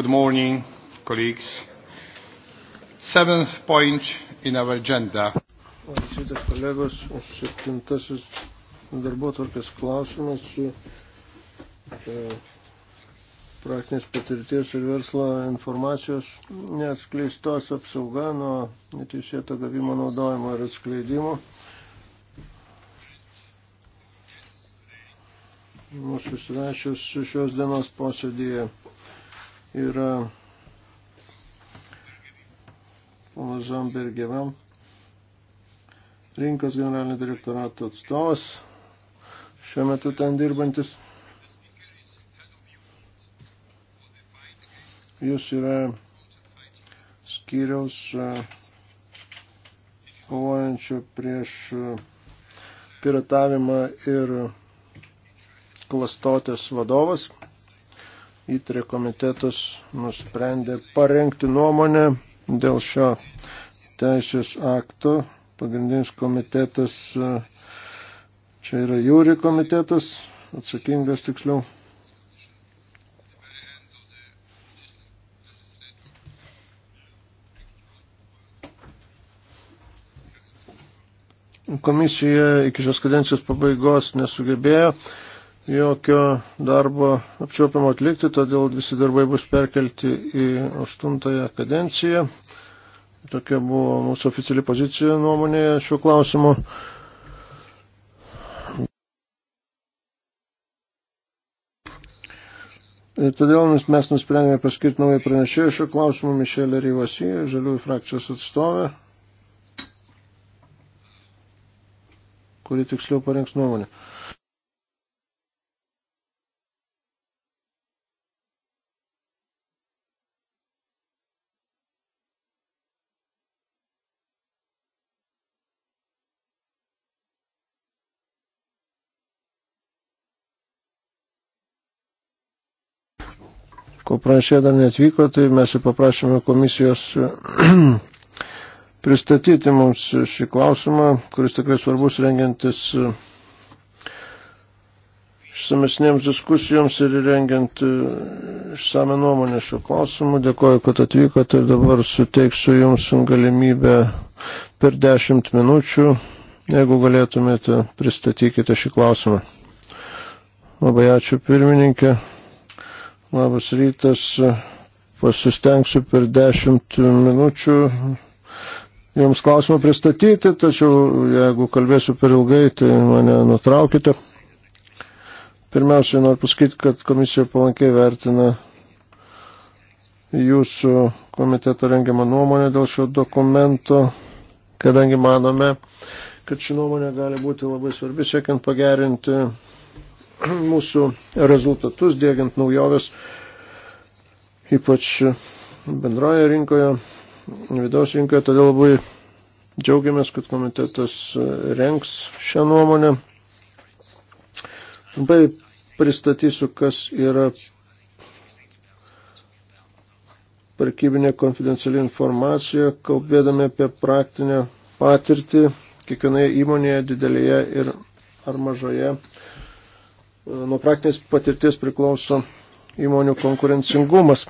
Good morning, colleagues. Seventh point in our agenda. Sveikas kolegos, septintasis darbotvarkės klausimas su e, praktinės patirties ir verslo informacijos neatskleistos apsauga nuo neteisėto gavimo naudojimo ir atskleidimo. Mūsų svečias šios dienos posėdėje yra ponas Žambergėvam, rinkos generalinio direktorato atstovas, šiuo metu ten dirbantis. Jis yra skyriaus e, kovojančių prieš e, piratavimą ir klastotės vadovas įtrė komitetas nusprendė parengti nuomonę dėl šio teisės akto. Pagrindinis komitetas e, čia yra jūri komitetas, atsakingas tiksliau. Komisija iki šios kadencijos pabaigos nesugebėjo jokio darbo apčiuopimo atlikti, todėl visi darbai bus perkelti į aštuntąją kadenciją. Tokia buvo mūsų oficiali pozicija nuomonėje šiuo klausimu. Ir todėl mes nusprendėme paskirti naują pranešėją šiuo klausimu Mišelę Ryvasį, žaliųjų frakcijos atstovę, kuri tiksliau parengs nuomonę. Kol pranešė dar netvyko, tai mes ir paprašėme komisijos pristatyti mums šį klausimą, kuris tikrai svarbus rengiantis išsamesnėms diskusijoms ir rengiant išsame nuomonę šio klausimu. Dėkoju, kad atvykote ir dabar suteiksiu Jums galimybę per dešimt minučių, jeigu galėtumėte, pristatykite šį klausimą. Labai ačiū pirmininkė. Labas rytas, pasistengsiu per dešimt minučių jums klausimą pristatyti, tačiau jeigu kalbėsiu per ilgai, tai mane nutraukite. Pirmiausia, noriu pasakyti, kad komisija palankiai vertina jūsų komiteto rengiamą nuomonę dėl šio dokumento, kadangi manome, kad ši nuomonė gali būti labai svarbi, siekiant pagerinti mūsų rezultatus, dėgiant naujoves, ypač bendroje rinkoje, vidaus rinkoje. Todėl labai džiaugiamės, kad komitetas renks šią nuomonę. Trumpai pristatysiu, kas yra parkybinė konfidenciali informacija, kalbėdami apie praktinę patirtį kiekvienoje įmonėje, didelėje ir ar mažoje nuo praktinės patirties priklauso įmonių konkurencingumas,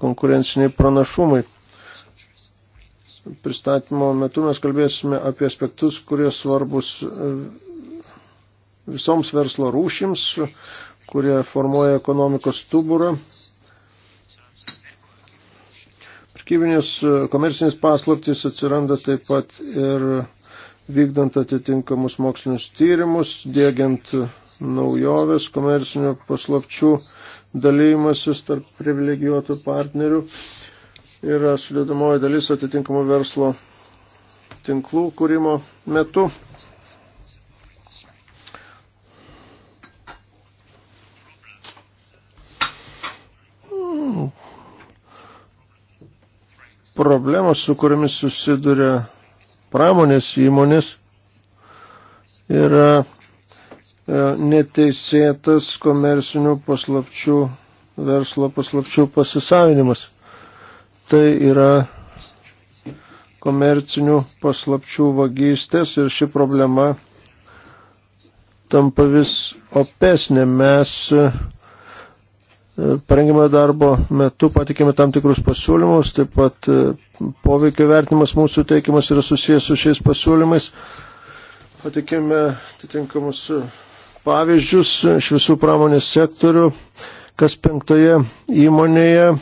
konkurenciniai pranašumai. Pristatymo metu mes kalbėsime apie aspektus, kurie svarbus e, visoms verslo rūšims, kurie formuoja ekonomikos stuburą. Prekybinės e, komercinės paslaptys atsiranda taip pat ir vykdant atitinkamus mokslinius tyrimus, dėgiant naujoves, komercinių paslapčių dalymasis tarp privilegijuotų partnerių yra sudėdamoji dalis atitinkamų verslo tinklų kūrimo metu. Problemos, su kuriamis susiduria pramonės įmonės yra e, neteisėtas komersinių paslapčių, verslo paslapčių pasisavinimas. Tai yra komercinių paslapčių vagystės ir ši problema tampa vis opesnė. Mes e, parengėme darbo metu, patikėme tam tikrus pasiūlymus, taip pat e, poveikio vertinimas mūsų teikimas yra susijęs su šiais pasiūlymais. Patikėme atitinkamus pavyzdžius iš visų pramonės sektorių, kas penktoje įmonėje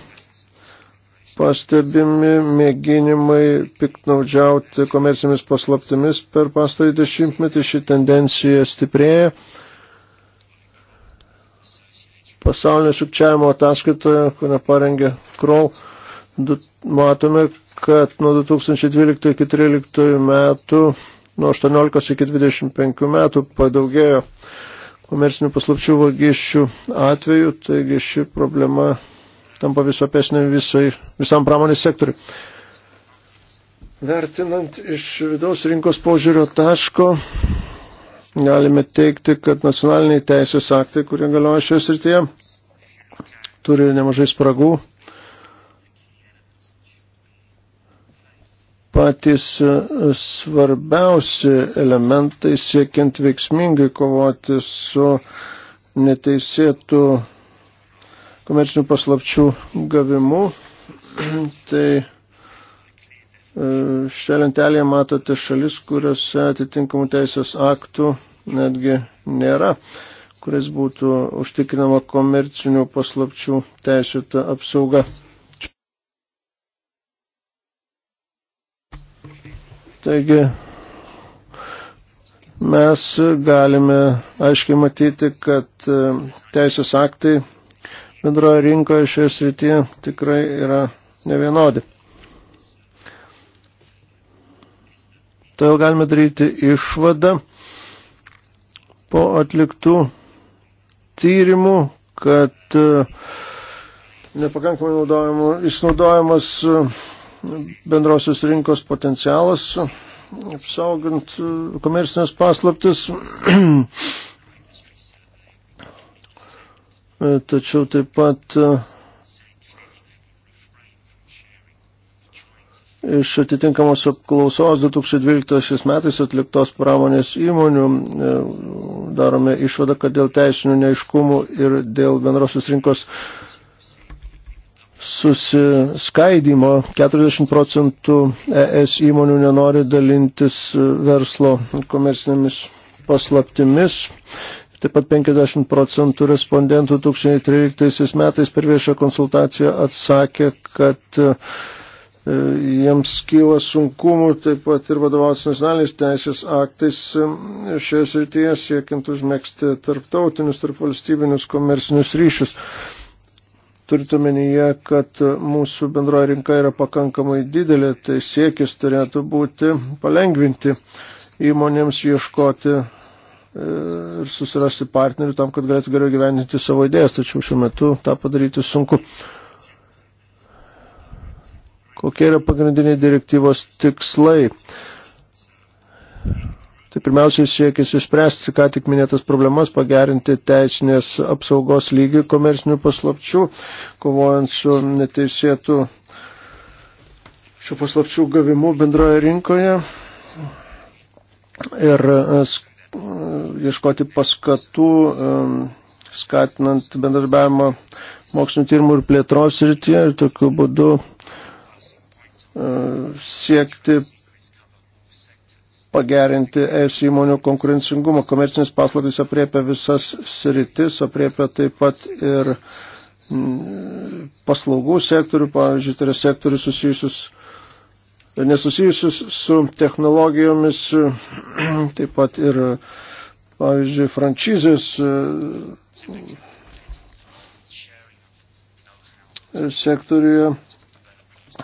pastebimi mėginimai piknaudžiauti komercinėmis paslaptimis per pastarį dešimtmetį. Ši tendencija stiprėja. Pasaulinio sukčiavimo ataskaitoje, kurią parengė Krol, matome, kad nuo 2012 iki 2013 metų, nuo 18 iki 25 metų padaugėjo komersinių paslapčių vagysčių atveju, taigi ši problema tampa vis opesnė visai, visam pramonės sektoriui. Vertinant iš vidaus rinkos požiūrio taško, galime teikti, kad nacionaliniai teisės aktai, kurie galioja šioje srityje, turi nemažai spragų, patys e, svarbiausi elementai siekiant veiksmingai kovoti su neteisėtų komercinių paslapčių gavimu. tai e, Šią lentelėje matote šalis, kuriuose atitinkamų teisės aktų netgi nėra, kuris būtų užtikrinama komercinių paslapčių teisėta apsauga. Taigi mes galime aiškiai matyti, kad e, teisės aktai bendroje rinkoje šioje srityje tikrai yra nevienodi. Todėl galime daryti išvadą po atliktų tyrimų, kad e, nepakankamai išnaudojamas bendrosios rinkos potencialas, apsaugant e, komercinės paslaptis. E, tačiau taip pat e, iš atitinkamos apklausos 2012 metais atliktos pramonės įmonių darome išvadą, kad dėl teisinių neiškumų ir dėl bendrosios rinkos susiskaidimo 40 procentų ES įmonių nenori dalintis e, verslo komercinėmis paslaptimis. Taip pat 50 procentų respondentų 2013 metais per viešą konsultaciją atsakė, kad e, e, jiems kyla sunkumų taip pat ir vadovautis nacionaliniais teisės aktais šioje srityje siekiant užmėgsti tarptautinius, tarp valstybinius komersinius ryšius turint omenyje, kad mūsų bendroji rinka yra pakankamai didelė, tai siekis turėtų būti palengvinti įmonėms ieškoti e, ir susirasti partnerių tam, kad galėtų geriau gyveninti savo idėjas, tačiau šiuo metu tą padaryti sunku. Kokie yra pagrindiniai direktyvos tikslai? Tai pirmiausiai siekis išspręsti, ką tik minėtas problemas, pagerinti teisinės apsaugos lygį komersinių paslapčių, kovojant su neteisėtų šių paslapčių gavimu bendroje rinkoje ir e, e, ieškoti paskatų, e, skatinant bendarbiavimą mokslinio tyrimų ir plėtros rytyje ir tokiu būdu siekti pagerinti ES įmonių konkurencingumą. Komercinis paslaugas apriepia visas sritis, apriepia taip pat ir mm, paslaugų sektorių, pavyzdžiui, tai yra sektorius susijusius, nesusijusius su technologijomis, taip pat ir, pavyzdžiui, frančizės e, sektoriuje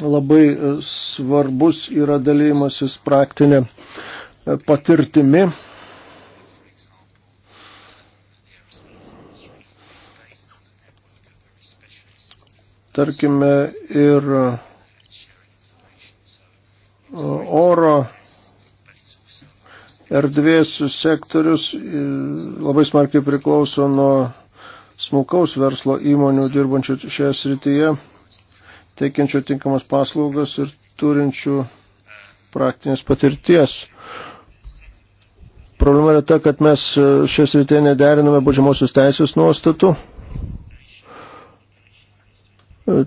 labai e, svarbus yra dalymasis praktinė patirtimi. Tarkime ir e, oro erdvės sektorius e, labai smarkiai priklauso nuo smulkaus verslo įmonių dirbančių šioje srityje, teikiančių tinkamas paslaugas ir turinčių praktinės patirties. Uh, Problema yra ta, kad mes e, šios rytėje nederiname baudžiamosios teisės nuostatų. E,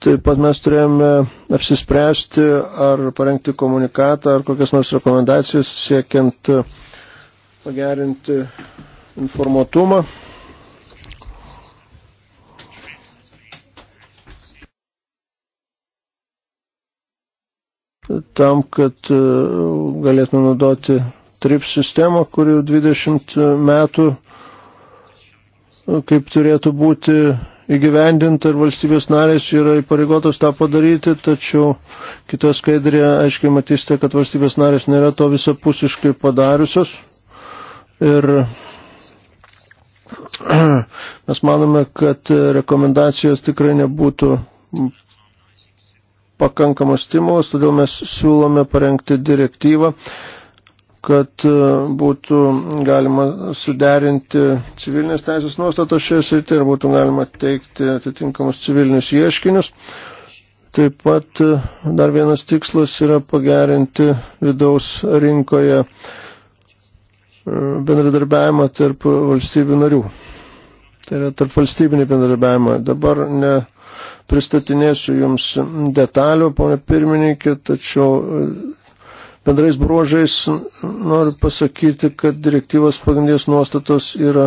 taip pat mes turėjome apsispręsti ar parengti komunikatą ar kokias nors rekomendacijas siekiant e, pagerinti informuotumą. Tam, kad galėtume naudoti TRIP sistemą, kuri 20 metų e, kaip turėtų būti įgyvendinta ir valstybės narės yra įpareigotos tą padaryti, tačiau kitos skaidrėje aiškiai matysite, kad valstybės narės nėra to visapusiškai padariusios. Ir mes manome, kad rekomendacijos tikrai nebūtų pakankamas stimulas, todėl mes siūlome parengti direktyvą, kad e, būtų galima suderinti civilinės teisės nuostatos šioje srityje ir būtų galima teikti atitinkamus civilinius ieškinius. Taip pat e, dar vienas tikslas yra pagerinti vidaus rinkoje e, bendradarbiavimą tarp valstybių narių. Tai yra tarp valstybinį bendradarbiavimą. Dabar ne pristatinėsiu jums detalių, ponė pirmininkė, tačiau Bendrais bruožais noriu pasakyti, kad direktyvos pagrindės nuostatos yra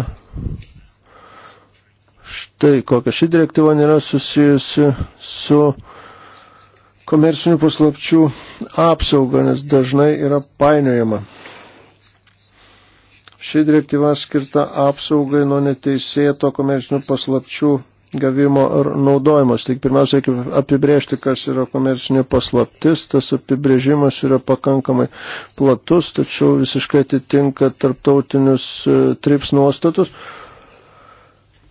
štai kokia. Ši direktyva nėra susijusi su komercinių paslapčių apsauga, nes dažnai yra painiojama. Ši direktyva skirta apsaugai nuo neteisėto komercinių paslapčių gavimo ar naudojimas. Tik pirmiausia, reikia apibrėžti, kas yra komercinė paslaptis. Tas apibrėžimas yra pakankamai platus, tačiau visiškai atitinka tarptautinius e, trips nuostatus.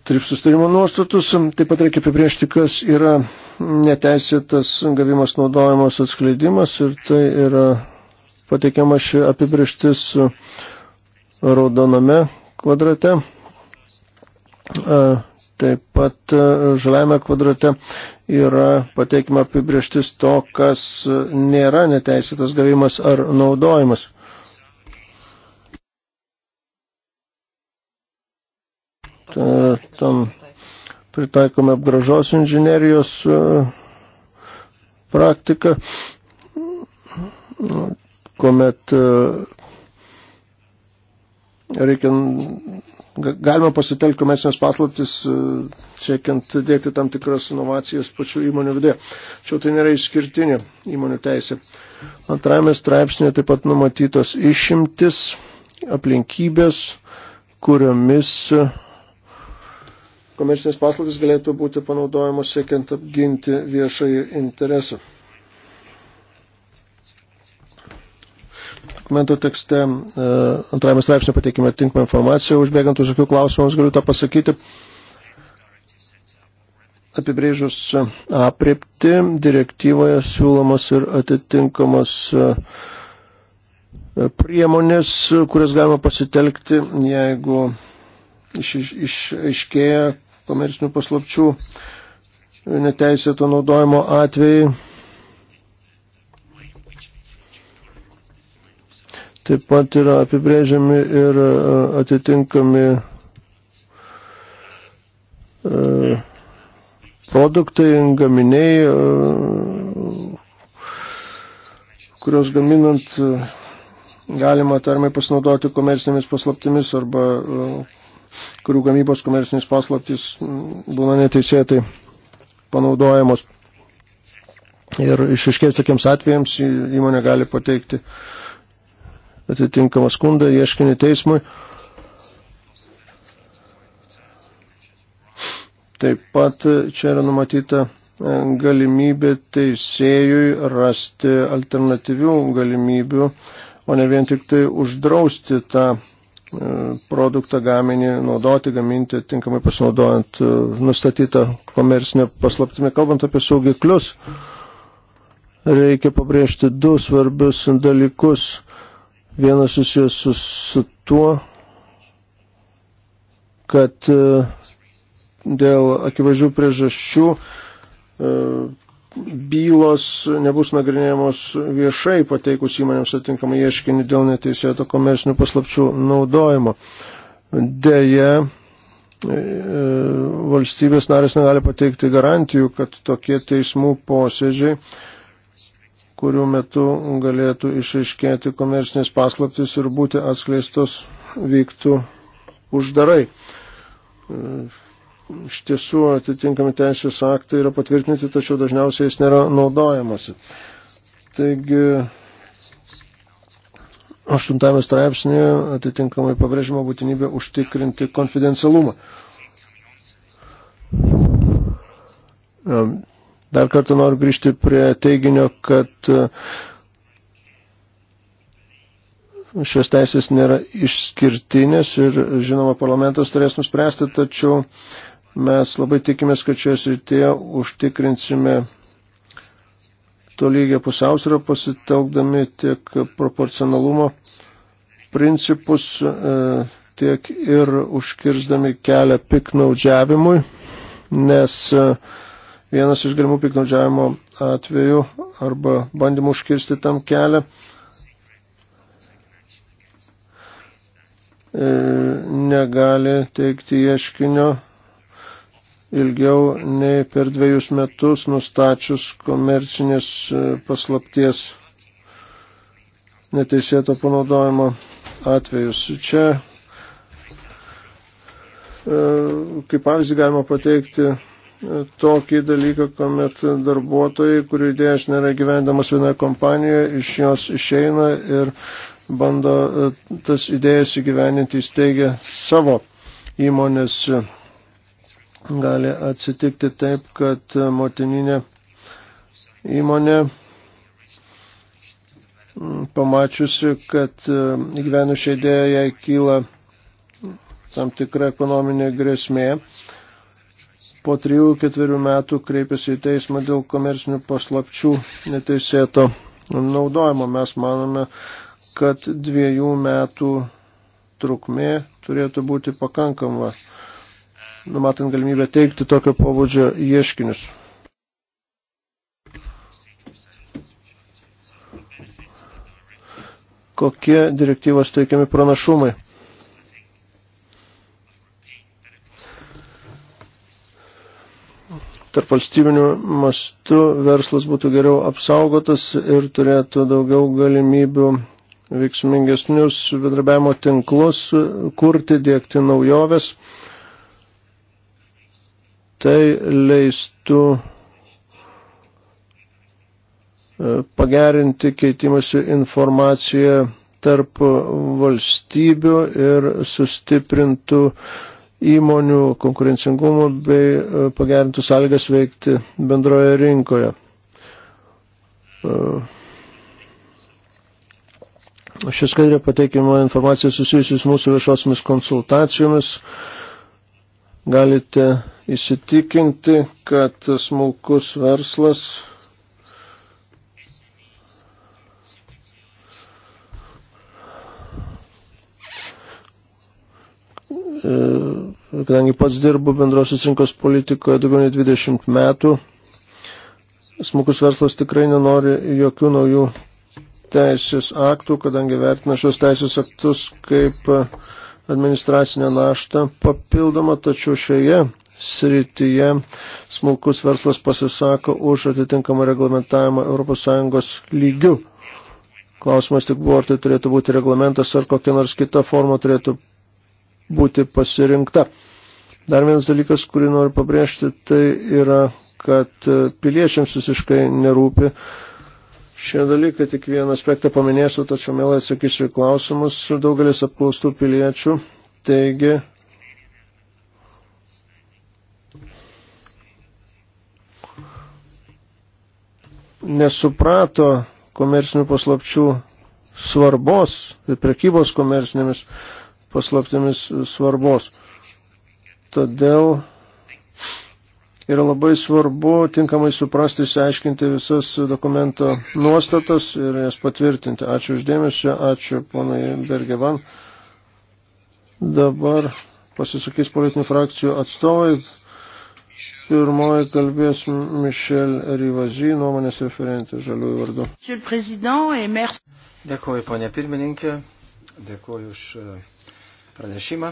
Trips sustarimo nuostatus. Taip pat reikia apibrėžti, kas yra neteisėtas gavimas naudojimas atskleidimas ir tai yra pateikiama ši apibrėžtis raudoname kvadrate e, Taip pat e, žaliame kvadrate yra pateikima apibrieštis to, kas nėra neteisėtas gavimas ar naudojimas. Tam pritaikome apgražos inžinerijos e, praktiką, kuomet e, reikia, galima pasitelkti komercinės paslaptis, e, siekiant dėkti tam tikras inovacijas pačių įmonių viduje. Čia tai nėra išskirtinė įmonių teisė. Antrajame straipsnėje taip pat numatytos išimtis, aplinkybės, kuriomis komercinės paslaptis galėtų būti panaudojamos siekiant apginti viešąjį interesą. dokumento tekste e, antrajame straipsnė pateikime tinkamą informaciją, užbėgant už akių klausimams galiu tą pasakyti. Apibrėžus aprepti, direktyvoje siūlomas ir atitinkamas e, priemonės, kurias galima pasitelkti, jeigu iš, iš, iškėja komercinių paslapčių neteisėto naudojimo atvejai Taip pat yra apibrėžiami ir e, atitinkami e, produktai, gaminiai, e, kurios gaminant galima tarmai pasinaudoti komercinėmis paslaptimis arba kurių gamybos komercinės paslaptis būna neteisėtai panaudojamos. Ir išiškės tokiems atvejams įmonė gali pateikti uh, atitinkamą skundą ieškinį teismui. Taip pat čia yra numatyta e, galimybė teisėjui rasti alternatyvių galimybių, o ne vien tik tai uždrausti tą e, produktą gaminį, naudoti, gaminti, tinkamai pasinaudojant e, nustatytą komercinę paslaptimį. Kalbant apie saugiklius, reikia pabrėžti du svarbius dalykus Vienas susijęs su, su tuo, kad e, dėl akivaizdžių priežasčių e, bylos nebus nagrinėjamos viešai pateikus įmonėms atinkamą ieškinį dėl neteisėto komersinių paslapčių naudojimo. Deja, e, valstybės narės negali pateikti garantijų, kad tokie teismų posėdžiai kurių metu galėtų išaiškėti komercinės paslaptis ir būti atskleistos vyktų uždarai. Iš tiesų atitinkami teisės aktai yra patvirtinti, tačiau dažniausiai jis nėra naudojamasi. Taigi, aštuntame straipsnėje atitinkamai pabrėžimo būtinybė užtikrinti konfidencialumą. Um Dar kartą noriu grįžti prie teiginio, kad e, šios teisės nėra išskirtinės ir žinoma parlamentas turės nuspręsti, tačiau mes labai tikimės, kad šioje srityje užtikrinsime tolygią pusiausvyrą pasitelkdami tiek proporcionalumo principus, e, tiek ir užkirsdami kelią piknaudžiavimui, nes uh, vienas iš galimų piknaudžiavimo atvejų arba bandymų užkirsti tam kelią. E, negali teikti ieškinio ilgiau nei per dviejus metus nustačius komercinės e, paslapties neteisėto panaudojimo atvejus. Čia e, kaip pavyzdį galima pateikti tokį dalyką, kuomet darbuotojai, kurių idėjas nėra gyvendamas vienoje kompanijoje, iš jos išeina ir bando e, tas idėjas įgyveninti įsteigę savo įmonės. Gali atsitikti taip, kad motininė įmonė pamačiusi, kad e, įgyvenu šią idėją jai kyla tam tikra ekonominė grėsmė, po 3-4 metų kreipėsi į teismą dėl komercinių paslapčių neteisėto naudojimo. Mes manome, kad dviejų metų trukmė turėtų būti pakankama, numatant galimybę teikti tokio pobūdžio ieškinius. Kokie direktyvos teikiami pranašumai? tarp valstybinių mastų verslas būtų geriau apsaugotas ir turėtų daugiau galimybių veiksmingesnius bendrabiavimo tinklus kurti, dėkti naujoves. Tai leistų e, pagerinti keitimąsi informaciją tarp valstybių ir sustiprintų uh, įmonių konkurencingumą bei e, pagerintų sąlygas veikti bendroje rinkoje. E, Šis skaidrė pateikimo informacija susijusius mūsų viešosiamis konsultacijomis. Galite įsitikinti, kad smulkus verslas e, kadangi pats dirbu bendrosios rinkos politikoje daugiau nei 20 metų, smukus verslas tikrai nenori jokių naujų teisės aktų, kadangi vertina šios teisės aktus kaip e, administracinę naštą papildomą, tačiau šioje srityje smulkus verslas pasisako už atitinkamą reglamentavimą ES lygių. Klausimas tik buvo, ar tai turėtų būti reglamentas ar kokia nors kita forma turėtų būti pasirinkta. Dar vienas dalykas, kurį noriu pabrėžti, tai yra, kad e, piliečiams visiškai nerūpi šie dalykai. Tik vieną aspektą paminėsiu, tačiau mielai atsakysiu į klausimus. Daugelis apklaustų piliečių teigia, nesuprato komercinių paslapčių svarbos ir prekybos komercinėmis paslaptimis svarbos. Todėl yra labai svarbu tinkamai suprasti, išsiaiškinti visas dokumento nuostatas ir jas patvirtinti. Ačiū uždėmesio, ačiū ponai Bergevan. Dabar pasisakys politinių frakcijų atstovai. Pirmoji kalbės Mišel Rivazy, nuomonės referentė žaliųjų vardu. Dėkuoju, ponė pirmininkė. Dėkuoju už. Uh pranešimą.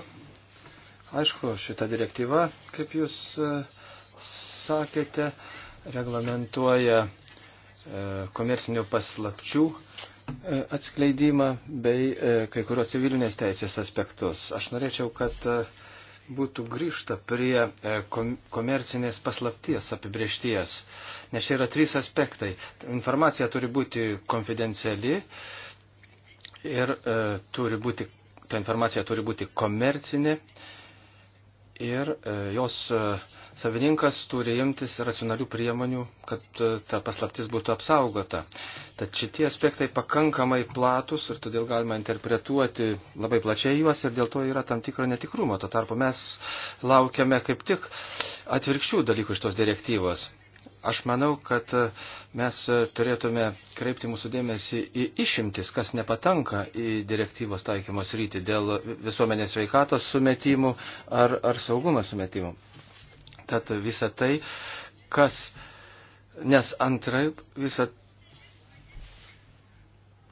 Aišku, šita direktyva, kaip jūs e, sakėte, reglamentuoja e, komercinių paslapčių e, atskleidimą bei kai kurios civilinės teisės aspektus. Aš norėčiau, kad būtų grįžta prie komercinės paslapties apibriešties, nes čia yra trys aspektai. Informacija turi būti konfidenciali ir e, turi būti ta informacija turi būti komercinė ir e, jos e, savininkas turi imtis racionalių priemonių, kad e, ta paslaptis būtų apsaugota. Tad šitie aspektai pakankamai platus ir todėl galima interpretuoti labai plačiai juos ir dėl to yra tam tikro netikrumo. Tuo tarpu mes laukiame kaip tik atvirkščių dalykų iš tos direktyvos. Aš manau, kad e, mes e, turėtume kreipti mūsų dėmesį į išimtis, kas nepatanka į direktyvos taikymos rytį dėl visuomenės veikatos sumetimų ar, ar saugumo sumetimų. Tad visa tai, kas, nes antraip visa,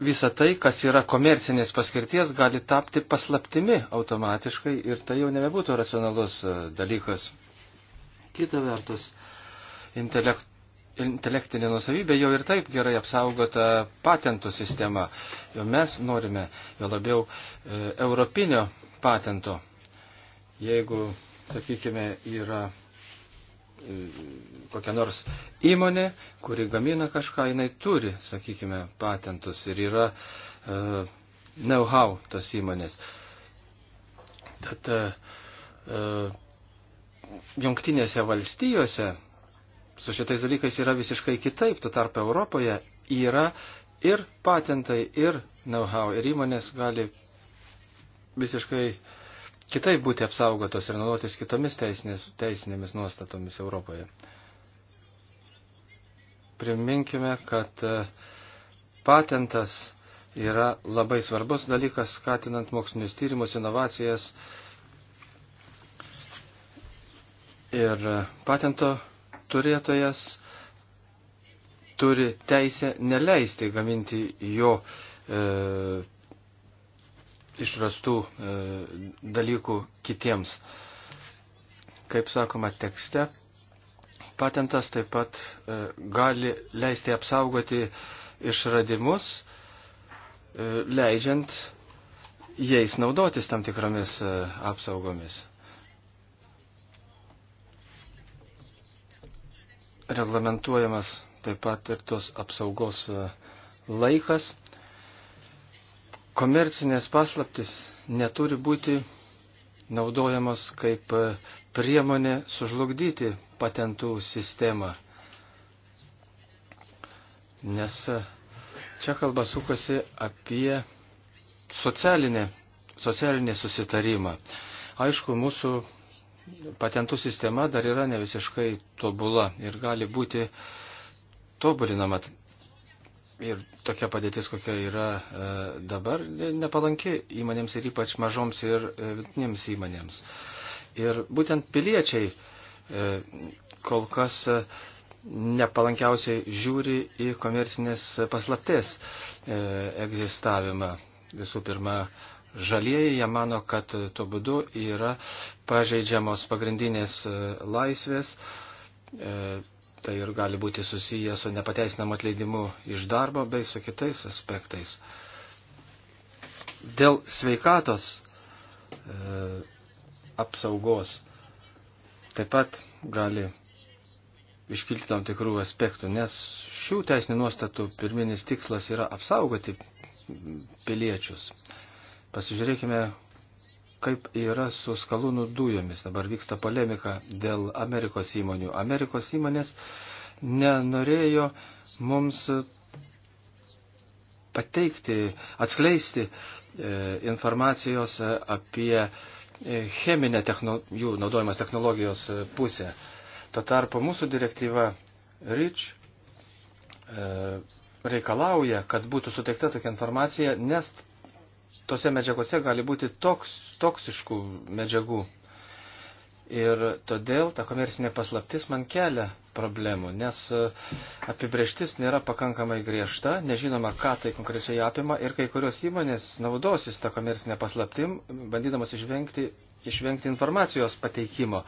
visa tai, kas yra komercinės paskirties, gali tapti paslaptimi automatiškai ir tai jau nebebūtų racionalus e, dalykas. Kita vertus, uh, intelekt, intelektinė nusavybė jau ir taip gerai apsaugota patentų sistema. Jo mes norime, jo labiau, e, europinio patento. Jeigu, sakykime, yra e, kokia nors įmonė, kuri gamina kažką, jinai turi, sakykime, patentus ir yra uh, know-how tos įmonės. Tad uh, jungtinėse valstijose su šitais dalykais yra visiškai kitaip. Tuo tarpu Europoje yra ir patentai, ir know-how, ir įmonės gali visiškai kitaip būti apsaugotos ir naudotis kitomis teisinės, teisinėmis nuostatomis Europoje. Priminkime, kad e, patentas yra labai svarbus dalykas, skatinant mokslinius tyrimus, inovacijas. Ir e, patento turėtojas turi teisę neleisti gaminti jo e, išrastų e, dalykų kitiems. Kaip sakoma tekste, patentas taip pat e, gali leisti apsaugoti išradimus, e, leidžiant jais naudotis tam tikromis e, apsaugomis. reglamentuojamas taip pat ir tos apsaugos e, laikas. Komercinės paslaptis neturi būti naudojamos kaip e, priemonė sužlugdyti patentų sistemą. Nes e, čia kalba sukasi apie socialinę, socialinį susitarimą. Aišku, mūsų patentų sistema dar yra ne visiškai tobula ir gali būti tobulinama. Ir tokia padėtis, kokia yra e, dabar, nepalanki įmonėms ir ypač mažoms ir e, vidutinėms įmonėms. Ir būtent piliečiai e, kol kas e, nepalankiausiai žiūri į komercinės paslapties e, egzistavimą. Visų pirma, e, žalieji, jie mano, kad tuo būdu yra pažeidžiamos pagrindinės e, laisvės, e, tai ir gali būti susiję su nepateisinamu atleidimu iš darbo bei su kitais aspektais. Dėl sveikatos e, apsaugos taip pat gali iškilti tam tikrų aspektų, nes šių teisinių nuostatų pirminis tikslas yra apsaugoti piliečius. Pasižiūrėkime, kaip yra su skalūnų dujomis. Dabar vyksta polemika dėl Amerikos įmonių. Amerikos įmonės nenorėjo mums pateikti, atskleisti e, informacijos apie e, cheminę techno, jų naudojimas technologijos e, pusę. Tuo tarpu mūsų direktyva REACH reikalauja, kad būtų suteikta tokia informacija, nes tose medžiagose gali būti toks, toksiškų medžiagų. Ir todėl ta komercinė paslaptis man kelia problemų, nes e, apibrieštis nėra pakankamai griežta, nežinoma, ką tai konkrečiai apima ir kai kurios įmonės naudosis tą komercinę paslaptim, bandydamas išvengti, išvengti informacijos pateikimo.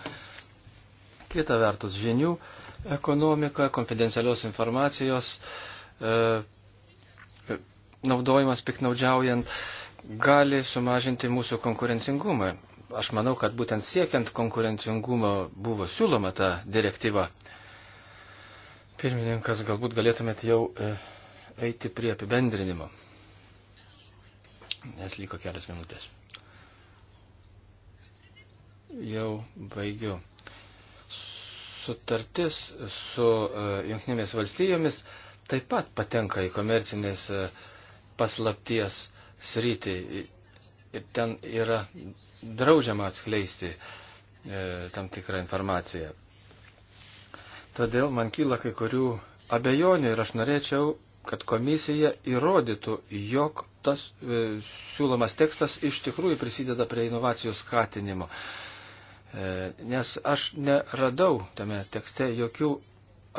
Kita vertus, žinių ekonomika, konfidencialios informacijos e, naudojimas piknaudžiaujant. E, gali sumažinti mūsų konkurencingumą. Aš manau, kad būtent siekiant konkurencingumo buvo siūloma ta direktyva. Pirmininkas, galbūt galėtumėt jau e, eiti prie apibendrinimo, nes liko kelias minutės. Jau baigiu. Sutartis su e, Junktinėmis valstijomis taip pat patenka į komercinės e, paslapties sritį ir ten yra draudžiama atskleisti e, tam tikrą informaciją. Todėl man kyla kai kurių abejonių ir aš norėčiau, kad komisija įrodytų, jog tas e, siūlomas tekstas iš tikrųjų prisideda prie inovacijų skatinimo. E, nes aš neradau tame tekste jokių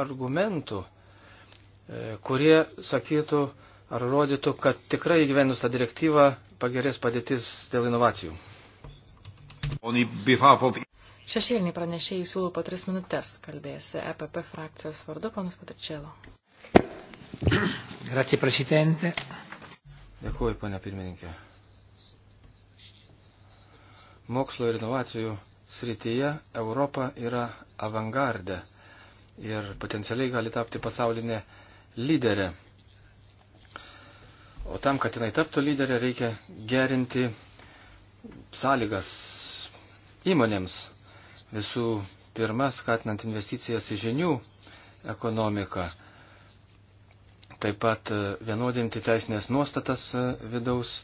argumentų, e, kurie sakytų, e, ar rodytų, kad tikrai įgyvenus tą direktyvą pagerės padėtis dėl inovacijų. Šešėliniai pranešėjai siūlau po tris minutės kalbėsi EPP frakcijos vardu, panus Patričėlo. Grazie, prezidente. Dėkuoju, ponia pirmininkė. Mokslo ir inovacijų srityje Europa yra avangardė ir potencialiai gali tapti pasaulinė lyderė O tam, kad jinai taptų lyderė, reikia gerinti sąlygas įmonėms. Visų pirma, skatinant investicijas į žinių ekonomiką. Taip pat e, vienodinti teisinės nuostatas e, vidaus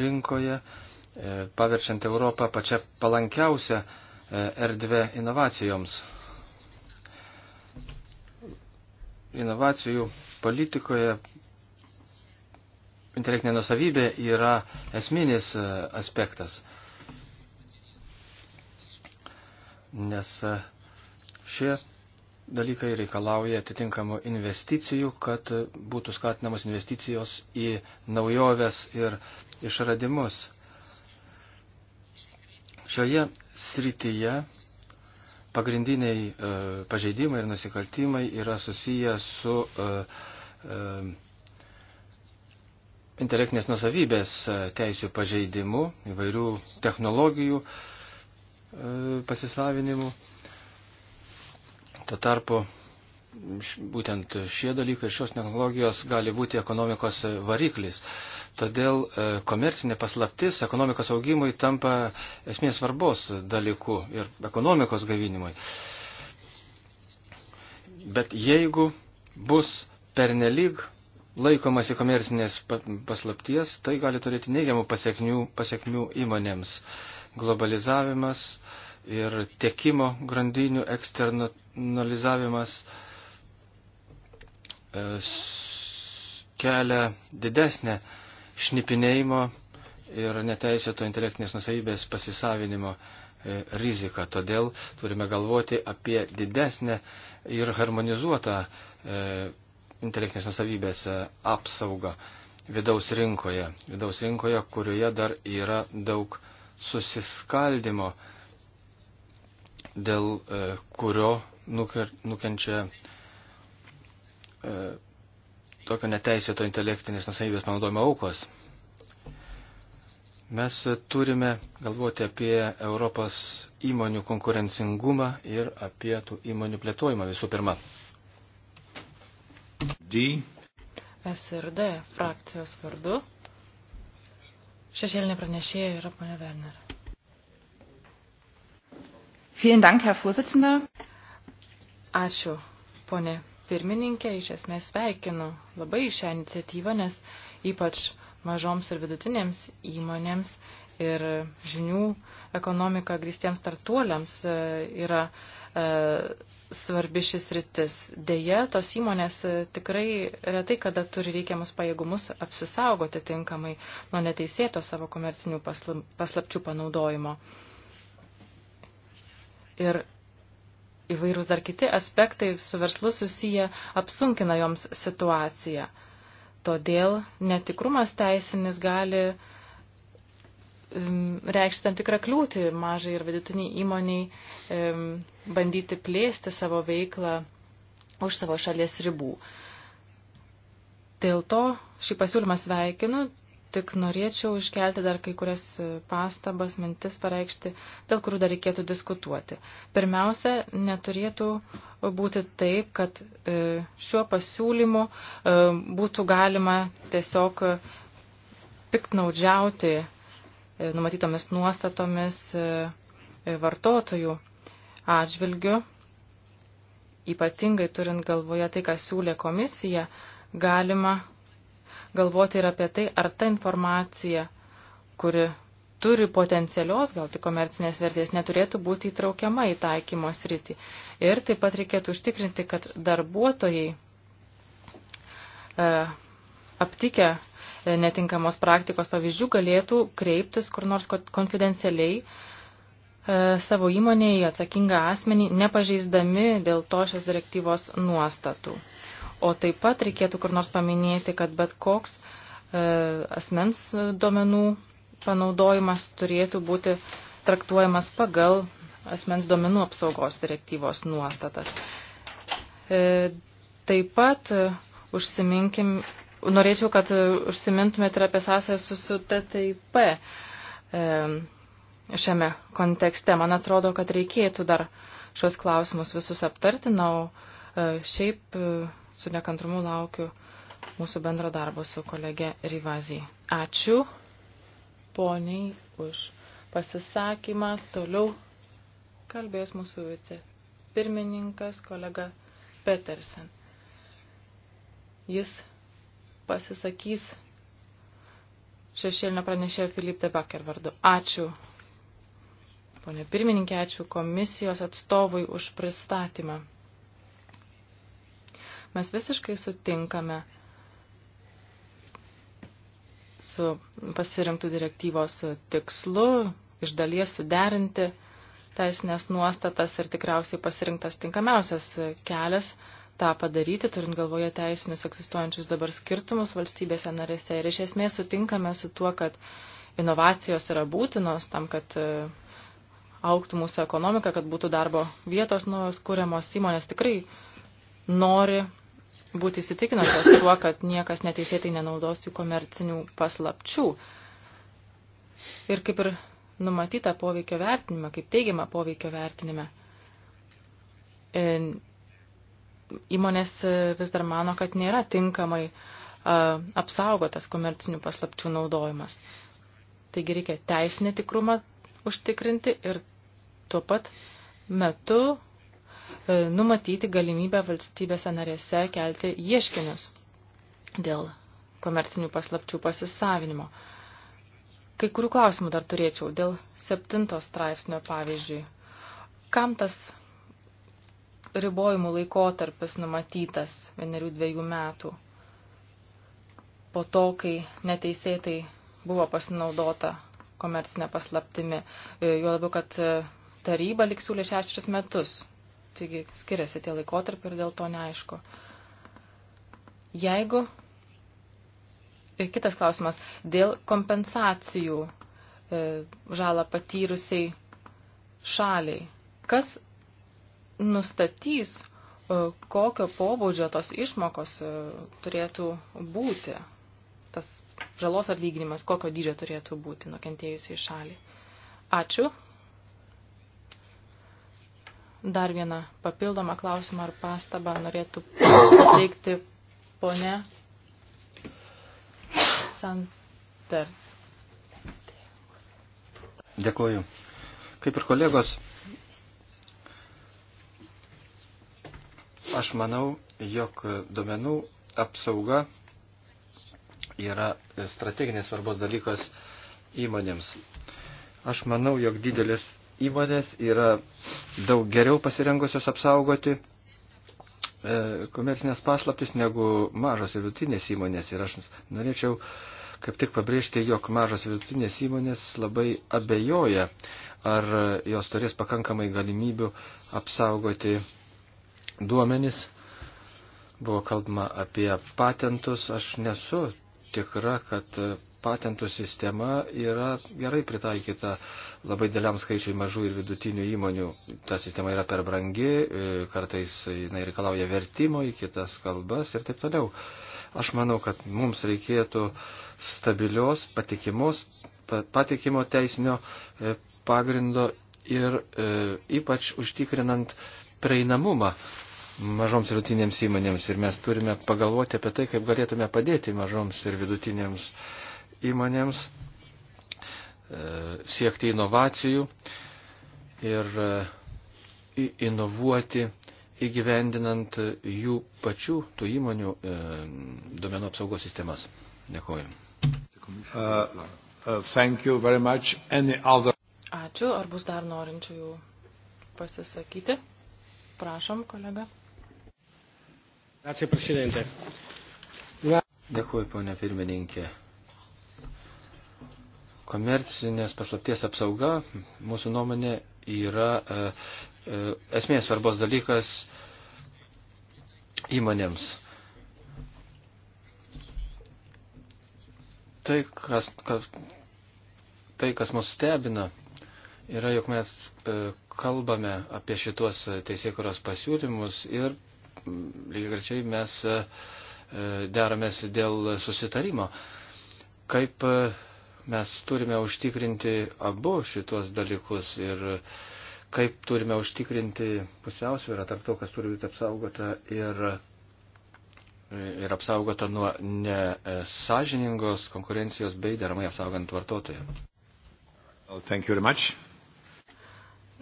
rinkoje, e, paverčiant Europą pačią palankiausią erdvę inovacijoms. Inovacijų politikoje intelektinė nusavybė yra esminis e, aspektas. Nes e, šie dalykai reikalauja atitinkamų investicijų, kad būtų skatinamos investicijos į naujoves ir išradimus. Šioje srityje pagrindiniai e, pažeidimai ir nusikaltimai yra susiję su e, e, intelektinės nusavybės e, teisų pažeidimu, įvairių technologijų e, pasisavinimu. Tuo tarpu būtent šie dalykai, šios technologijos gali būti ekonomikos variklis. Todėl e, komercinė paslaptis ekonomikos augimui tampa esmės svarbos dalyku ir ekonomikos gavinimui. Bet jeigu bus pernelyg laikomasi komercinės paslapties, tai gali turėti neigiamų pasiekmių, pasiekmių įmonėms. Globalizavimas ir tiekimo grandinių eksternalizavimas e, kelia didesnę šnipinėjimo ir neteisėto intelektinės nusavybės pasisavinimo e, riziką. Todėl turime galvoti apie didesnę ir harmonizuotą e, intelektinės nusavybės e, apsaugą vidaus rinkoje, vidaus rinkoje, kurioje dar yra daug susiskaldimo, dėl e, kurio nukenčia e, tokio neteisėto intelektinės nusavybės panaudojimo aukos. Mes turime galvoti apie Europos įmonių konkurencingumą ir apie tų įmonių plėtojimą visų pirma. SD. SRD frakcijos vardu. Šešėlinė pranešėja yra ponia Werner. Vielen Dank, Herr Vorsitzender. Ačiū, ponė pirmininkė. Iš esmės sveikinu labai šią iniciatyvą, nes ypač mažoms ir vidutinėms įmonėms ir žinių ekonomika grįstiems startuoliams e, yra e, svarbi šis rytis. Deja, tos įmonės e, tikrai retai kada turi reikiamus pajėgumus apsisaugoti tinkamai nuo neteisėto savo komercinių paslapčių panaudojimo. Ir įvairūs dar kiti aspektai su verslu susiję apsunkina joms situaciją. Todėl netikrumas teisinis gali uh, reikšti tam tikrą kliūtį mažai ir vidutiniai įmoniai bandyti plėsti savo veiklą už savo šalies ribų. Dėl to šį pasiūlymą sveikinu, tik norėčiau iškelti dar kai kurias e, pastabas, mintis pareikšti, dėl kurių dar reikėtų diskutuoti. Pirmiausia, neturėtų būti taip, kad e, šiuo pasiūlymu e, būtų galima tiesiog piktnaudžiauti E, numatytomis nuostatomis e, e, vartotojų atžvilgiu, ypatingai turint galvoje tai, ką siūlė komisija, galima galvoti ir apie tai, ar ta informacija, kuri turi potencialios, gal tik komercinės vertės, neturėtų būti įtraukiama į taikymo sritį. Ir taip pat reikėtų užtikrinti, kad darbuotojai e, aptikę netinkamos praktikos pavyzdžių, galėtų kreiptis kur nors konfidencialiai e, savo įmonėje atsakingą asmenį, nepažeisdami dėl to šios direktyvos nuostatų. O taip pat reikėtų kur nors paminėti, kad bet koks e, asmens duomenų panaudojimas turėtų būti traktuojamas pagal asmens duomenų apsaugos direktyvos nuostatas. E, taip pat užsiminkim norėčiau, kad užsimintumėte ir apie sąsąją su, su TTIP e, šiame kontekste. Man atrodo, kad reikėtų dar šios klausimus visus aptarti, na, o e, šiaip e, su nekantrumu laukiu mūsų bendro darbo su kolege Rivazy. Ačiū poniai už pasisakymą. Toliau kalbės mūsų vice pirmininkas kolega Petersen. Jis pasisakys šešėlinio pranešėjo Filip Tebaker vardu. Ačiū, ponė pirmininkė, ačiū komisijos atstovui už pristatymą. Mes visiškai sutinkame su pasirinktų direktyvos tikslu, iš dalies suderinti teisinės nuostatas ir tikriausiai pasirinktas tinkamiausias kelias tą padaryti, turint galvoje teisinius egzistuojančius dabar skirtumus valstybėse narėse. Ir iš esmės sutinkame su tuo, kad inovacijos yra būtinos tam, kad e, auktų mūsų ekonomika, kad būtų darbo vietos naujos kūriamos įmonės tikrai nori būti įsitikinusios tuo, kad niekas neteisėtai nenaudos jų komercinių paslapčių. Ir kaip ir numatyta poveikio vertinime, kaip teigiama poveikio vertinime, e, įmonės e, vis dar mano, kad nėra tinkamai e, apsaugotas komercinių paslapčių naudojimas. Taigi reikia teisinį tikrumą užtikrinti ir tuo pat metu e, numatyti galimybę valstybėse narėse kelti ieškinius dėl komercinių paslapčių pasisavinimo. Kai kurių klausimų dar turėčiau dėl septintos straipsnio, pavyzdžiui. Kam tas ribojimų laikotarpis numatytas vienerių dviejų metų po to, kai neteisėtai buvo pasinaudota komercinė paslaptimi. E, juo labiau, kad e, taryba liks siūlė šešerius metus. Taigi skiriasi tie laikotarpiai ir dėl to neaišku. Jeigu. Ir e, kitas klausimas. Dėl kompensacijų e, žalą patyrusiai šaliai. Kas nustatys, e, kokio pobūdžio tos išmokos e, turėtų būti, tas žalos atlyginimas, kokio dydžio turėtų būti nukentėjusiai šaliai. Ačiū. Dar vieną papildomą klausimą ar pastabą norėtų pateikti ponė Santers. Dėkuoju. Kaip ir kolegos, Aš manau, jog duomenų apsauga yra strateginės svarbos dalykas įmonėms. Aš manau, jog didelės įmonės yra daug geriau pasirengusios apsaugoti e, komercinės paslaptis negu mažos ir vidutinės įmonės. Ir aš norėčiau kaip tik pabrėžti, jog mažos ir vidutinės įmonės labai abejoja, ar jos turės pakankamai galimybių apsaugoti duomenys, buvo kalbama apie patentus. Aš nesu tikra, kad patentų sistema yra gerai pritaikyta labai dėliam skaičiui mažų ir vidutinių įmonių. Ta sistema yra per brangi, e, kartais jinai reikalauja vertimo į kitas kalbas ir taip toliau. Aš manau, kad mums reikėtų stabilios, patikimos, patikimo teisinio e, pagrindo ir e, ypač užtikrinant prieinamumą mažoms ir vidutinėms įmonėms ir mes turime pagalvoti apie tai, kaip galėtume padėti mažoms ir vidutinėms įmonėms e, siekti inovacijų ir e, inovuoti įgyvendinant jų pačių, tų įmonių e, duomenų apsaugos sistemas. Dėkuoju. Uh, uh, other... Ačiū. Ar bus dar norinčių pasisakyti? Prašom, kolega. Ačiū, prašydėjantė. Dėkuoju, ponė pirmininkė. Komercinės paslapties apsauga, mūsų nuomonė, yra e, e, esmės svarbos dalykas įmonėms. Tai, kas, kas, tai, kas mus stebina, yra, jog mes e, kalbame apie šitos teisėkuros pasiūlymus ir lygiai grečiai mes e, e, deramės dėl susitarimo. Kaip e, mes turime užtikrinti abu šitos dalykus ir kaip turime užtikrinti pusiausvyrą tarp to, kas turi būti apsaugota ir, ir apsaugota nuo nesažiningos konkurencijos bei deramai apsaugant vartotoją. Well, thank you very much.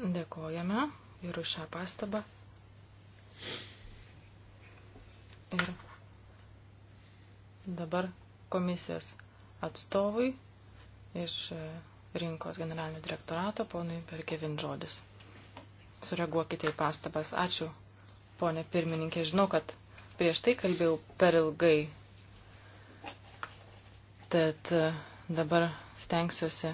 Dėkojame ir už šią pastabą. Ir dabar komisijos atstovui iš e, rinkos generalinio direktorato, ponui Perkevin žodis. Sureaguokite į pastabas. Ačiū, ponė pirmininkė. Žinau, kad prieš tai kalbėjau per ilgai. Tad e, dabar stengsiuosi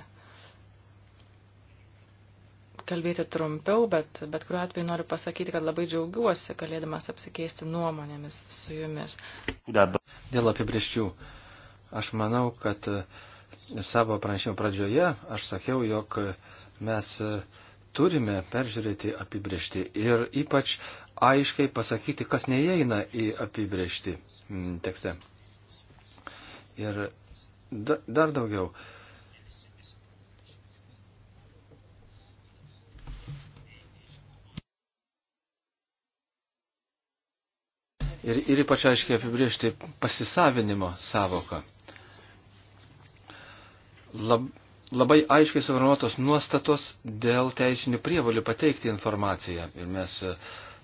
kalbėti trumpiau, bet, bet kuriuo atveju noriu pasakyti, kad labai džiaugiuosi galėdamas apsikeisti nuomonėmis su jumis. Dėl apibrieščių. Aš manau, kad e, savo pranešimo pradžioje aš sakiau, jog mes e, turime peržiūrėti apibriešti ir ypač aiškiai pasakyti, kas neįeina į apibriešti tekste. Ir da, dar daugiau. Uh, ir, ir ypač aiškiai apibriežti pasisavinimo savoką. Lab, labai aiškiai suformuotos nuostatos dėl teisinių prievalių pateikti informaciją. Ir mes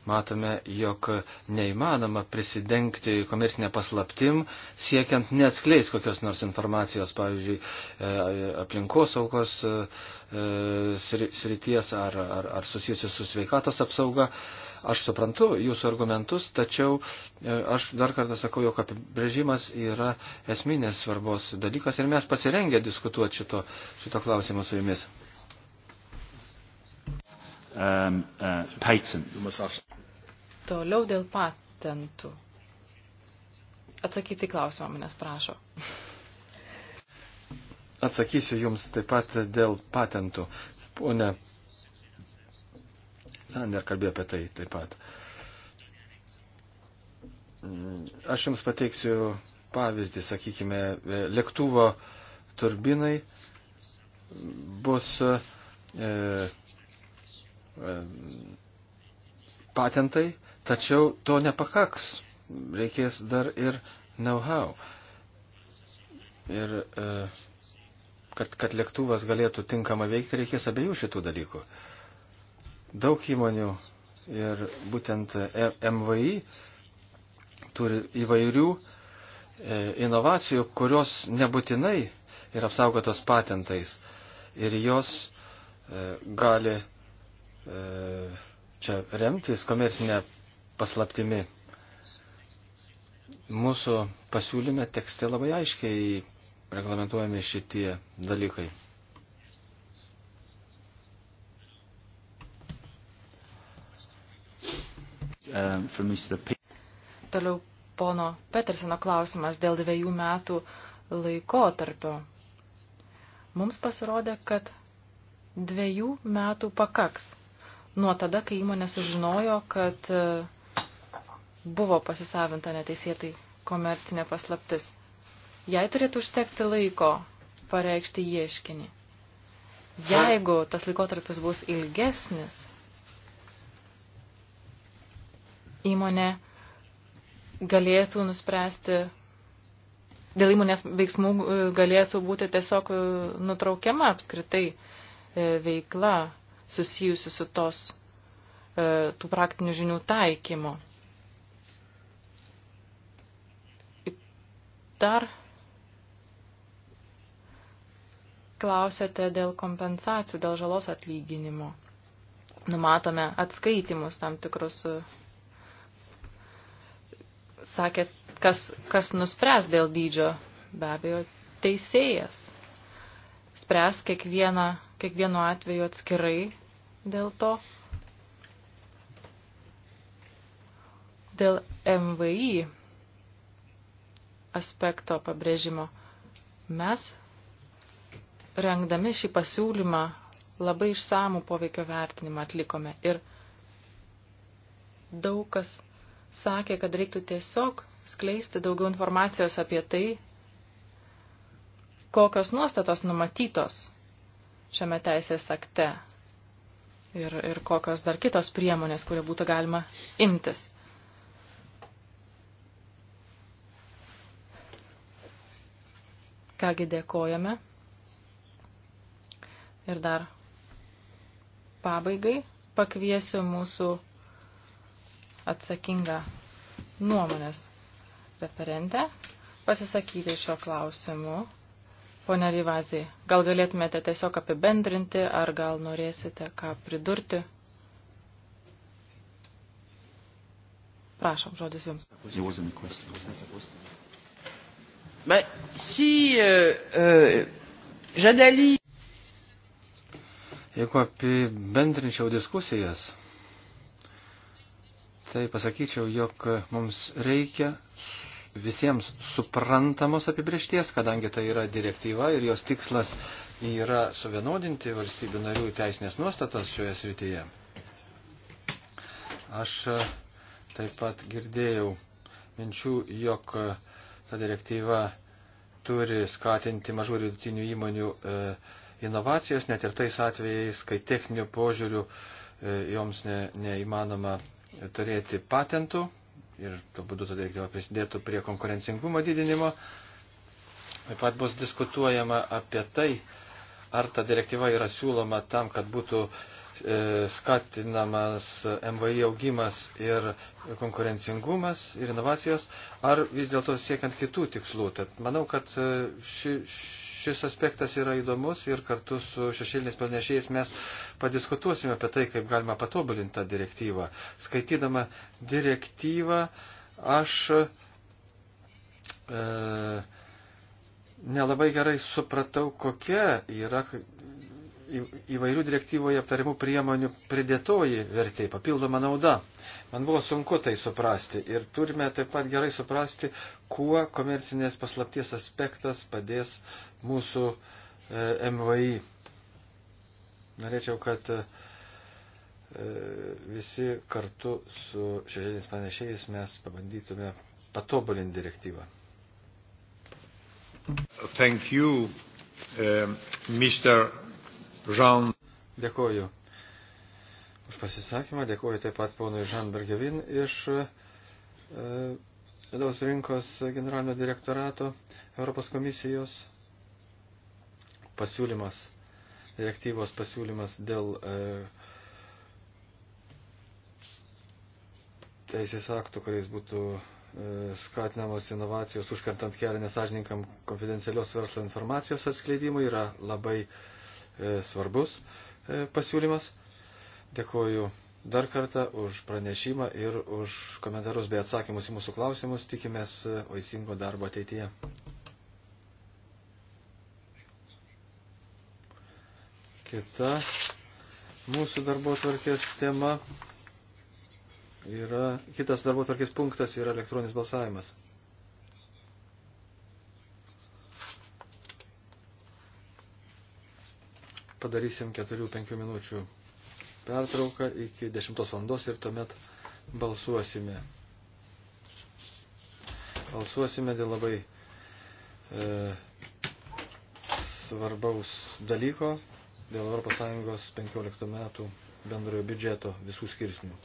matome, jog neįmanoma prisidengti komercinę paslaptim, siekiant neatskleis kokios nors informacijos, pavyzdžiui, e, aplinkos aukos e, e, srities ar, ar, ar susijusios su sveikatos apsauga. Aš suprantu jūsų argumentus, tačiau aš dar kartą sakau, jog apibrėžimas yra esminės svarbos dalykas ir mes pasirengę diskutuoti šito, šito klausimo su jumis um, uh, patents. Toliau dėl patentų. Atsakyti klausimą manęs prašo. Atsakysiu jums taip pat dėl patentų. Pone Sander kalbėjo apie tai taip pat. Aš jums pateiksiu pavyzdį, sakykime, lėktuvo turbinai bus e, patentai, tačiau to nepakaks. Reikės dar ir know-how. Ir e, kad, kad lėktuvas galėtų tinkamą veikti, reikės abiejų šitų dalykų. Daug įmonių ir būtent e, MVI turi įvairių e, inovacijų, kurios nebūtinai yra apsaugotos patentais ir jos gali E, čia remtis komercinė paslaptimi. Mūsų pasiūlyme tekste labai aiškiai reglamentuojami šitie dalykai. E, Toliau pono Peterseno klausimas dėl dviejų metų laikotarpio. Mums pasirodė, kad dviejų metų pakaks nuo tada, kai įmonė sužinojo, kad e, buvo pasisavinta neteisėtai komercinė paslaptis. Jei turėtų užtekti laiko pareikšti ieškinį. Jeigu tas laikotarpis bus ilgesnis, įmonė galėtų nuspręsti, dėl įmonės veiksmų e, galėtų būti tiesiog e, nutraukiama apskritai veikla susijusi su tos e, tų praktinių žinių taikymu. Dar klausėte dėl kompensacijų, dėl žalos atlyginimo. Numatome atskaitimus tam tikrus. E, sakėt, kas, kas nuspręs dėl dydžio, be abejo, teisėjas. Spręs kiekvieną kiekvienu atveju atskirai dėl to. Dėl MVI aspekto pabrėžimo mes, rengdami šį pasiūlymą, labai išsamų poveikio vertinimą atlikome ir daug kas sakė, kad reiktų tiesiog skleisti daugiau informacijos apie tai, kokios nuostatos numatytos šiame teisės akte ir, ir kokios dar kitos priemonės, kurie būtų galima imtis. Kągi dėkojame. Ir dar pabaigai pakviesiu mūsų atsakingą nuomonės referentę pasisakyti šio klausimu. Pone Ryvazai, gal galėtumėte tiesiog apibendrinti, ar gal norėsite ką pridurti? Prašom, žodis Jums. Ben, si, euh, euh, J'analyse. Jeigu apibendrinčiau diskusijas, tai pasakyčiau, jog mums reikia visiems suprantamos apibriešties, kadangi tai yra direktyva ir jos tikslas yra suvienodinti valstybių narių teisinės nuostatas šioje srityje. Aš e, taip pat girdėjau minčių, jog e, ta direktyva turi skatinti mažų ir vidutinių įmonių e, inovacijas, net ir tais atvejais, kai techninių požiūrių joms ne, neįmanoma turėti patentų ir tuo būdu ta direktyva prisidėtų prie konkurencingumo didinimo. Taip pat bus diskutuojama apie tai, ar ta direktyva yra siūloma tam, kad būtų e, skatinamas MVI augimas ir konkurencingumas ir inovacijos, ar vis dėlto siekiant kitų tikslų. Tad manau, kad e, ši, Šis aspektas yra įdomus ir kartu su šešėliniais pranešėjais mes padiskutuosime apie tai, kaip galima patobulinti tą direktyvą. Skaitydama direktyvą aš e, nelabai gerai supratau, kokia yra įvairių direktyvoje aptariamų priemonių pridėtoji vertė, papildoma nauda. Man buvo sunku tai suprasti ir turime taip pat gerai suprasti, kuo komercinės paslapties aspektas padės mūsų e, MVI. Norėčiau, kad e, e, visi kartu su šešėliais panašiais mes pabandytume patobulinti direktyvą. Thank you, um, e, Mr. Žan. Dėkoju už pasisakymą, dėkoju taip pat ponui Žan Bergevin iš e, Vidaus e, rinkos generalinio direktorato Europos komisijos pasiūlymas, direktyvos pasiūlymas dėl e, teisės aktų, kuriais būtų e, skatinamos inovacijos užkartant kelią nesažininkam konfidencialios verslo informacijos atskleidimui yra labai uh, E, svarbus e, pasiūlymas. Dėkuoju dar kartą už pranešimą ir už komentarus bei atsakymus į mūsų klausimus. Tikimės e, vaisingo darbo ateityje. Kita mūsų darbo tvarkės tema yra, kitas darbo tvarkės punktas yra elektroninis balsavimas. padarysim 4-5 minučių pertrauką iki 10 valandos ir tuomet balsuosime. Balsuosime dėl labai e, svarbaus dalyko, dėl ES 15 metų bendrojo biudžeto visų skirsnių.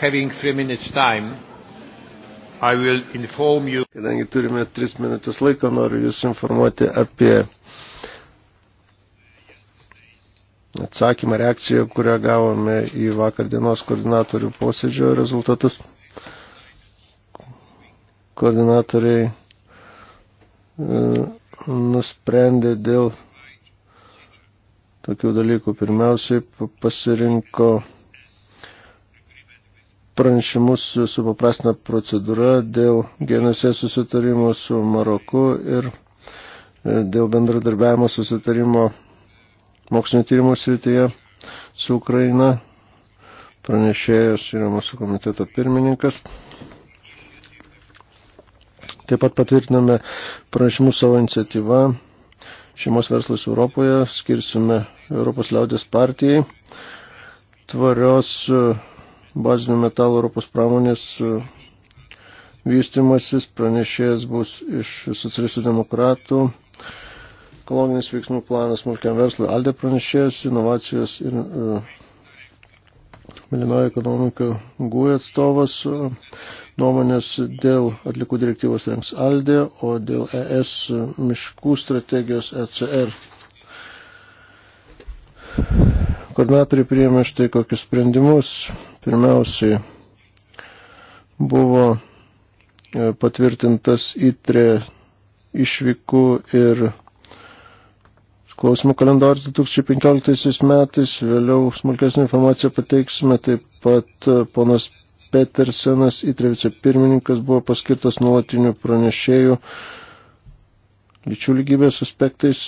having three minutes time, I will inform you. Kadangi turime tris minutės laiko, noriu Jūs informuoti apie atsakymą, reakciją, kurią gavome į vakar dienos koordinatorių posėdžio rezultatus. Koordinatoriai e, nusprendė dėl tokių dalykų. Pirmiausiai pasirinko pranešimus su paprastina procedūra dėl genose susitarimo su Maroku ir e, dėl bendradarbiavimo susitarimo mokslinio tyrimo srityje su Ukraina. Pranešėjas yra mūsų komiteto pirmininkas. Taip pat patvirtiname pranešimus savo iniciatyvą šeimos verslas Europoje, skirsime Europos liaudės partijai tvarios bazinių metalų Europos pramonės e, vystimasis, pranešėjas bus iš socialistų demokratų, ekologinis veiksmų planas smulkiam verslui, Aldė pranešėjas, inovacijos ir uh, e, Milinojo ekonomika GUE atstovas, uh, nuomonės dėl atlikų direktyvos rengs Aldė, o dėl ES miškų strategijos ECR. Koordinatoriai priėmė štai kokius sprendimus. Pirmiausiai buvo e, patvirtintas įtrė e išvykų ir klausimų kalendorius 2015 metais, vėliau smulkesnį informaciją pateiksime, taip pat e, ponas Petersenas, įtrė vicepirmininkas, buvo paskirtas nuolatinių pranešėjų lyčių lygybės aspektais.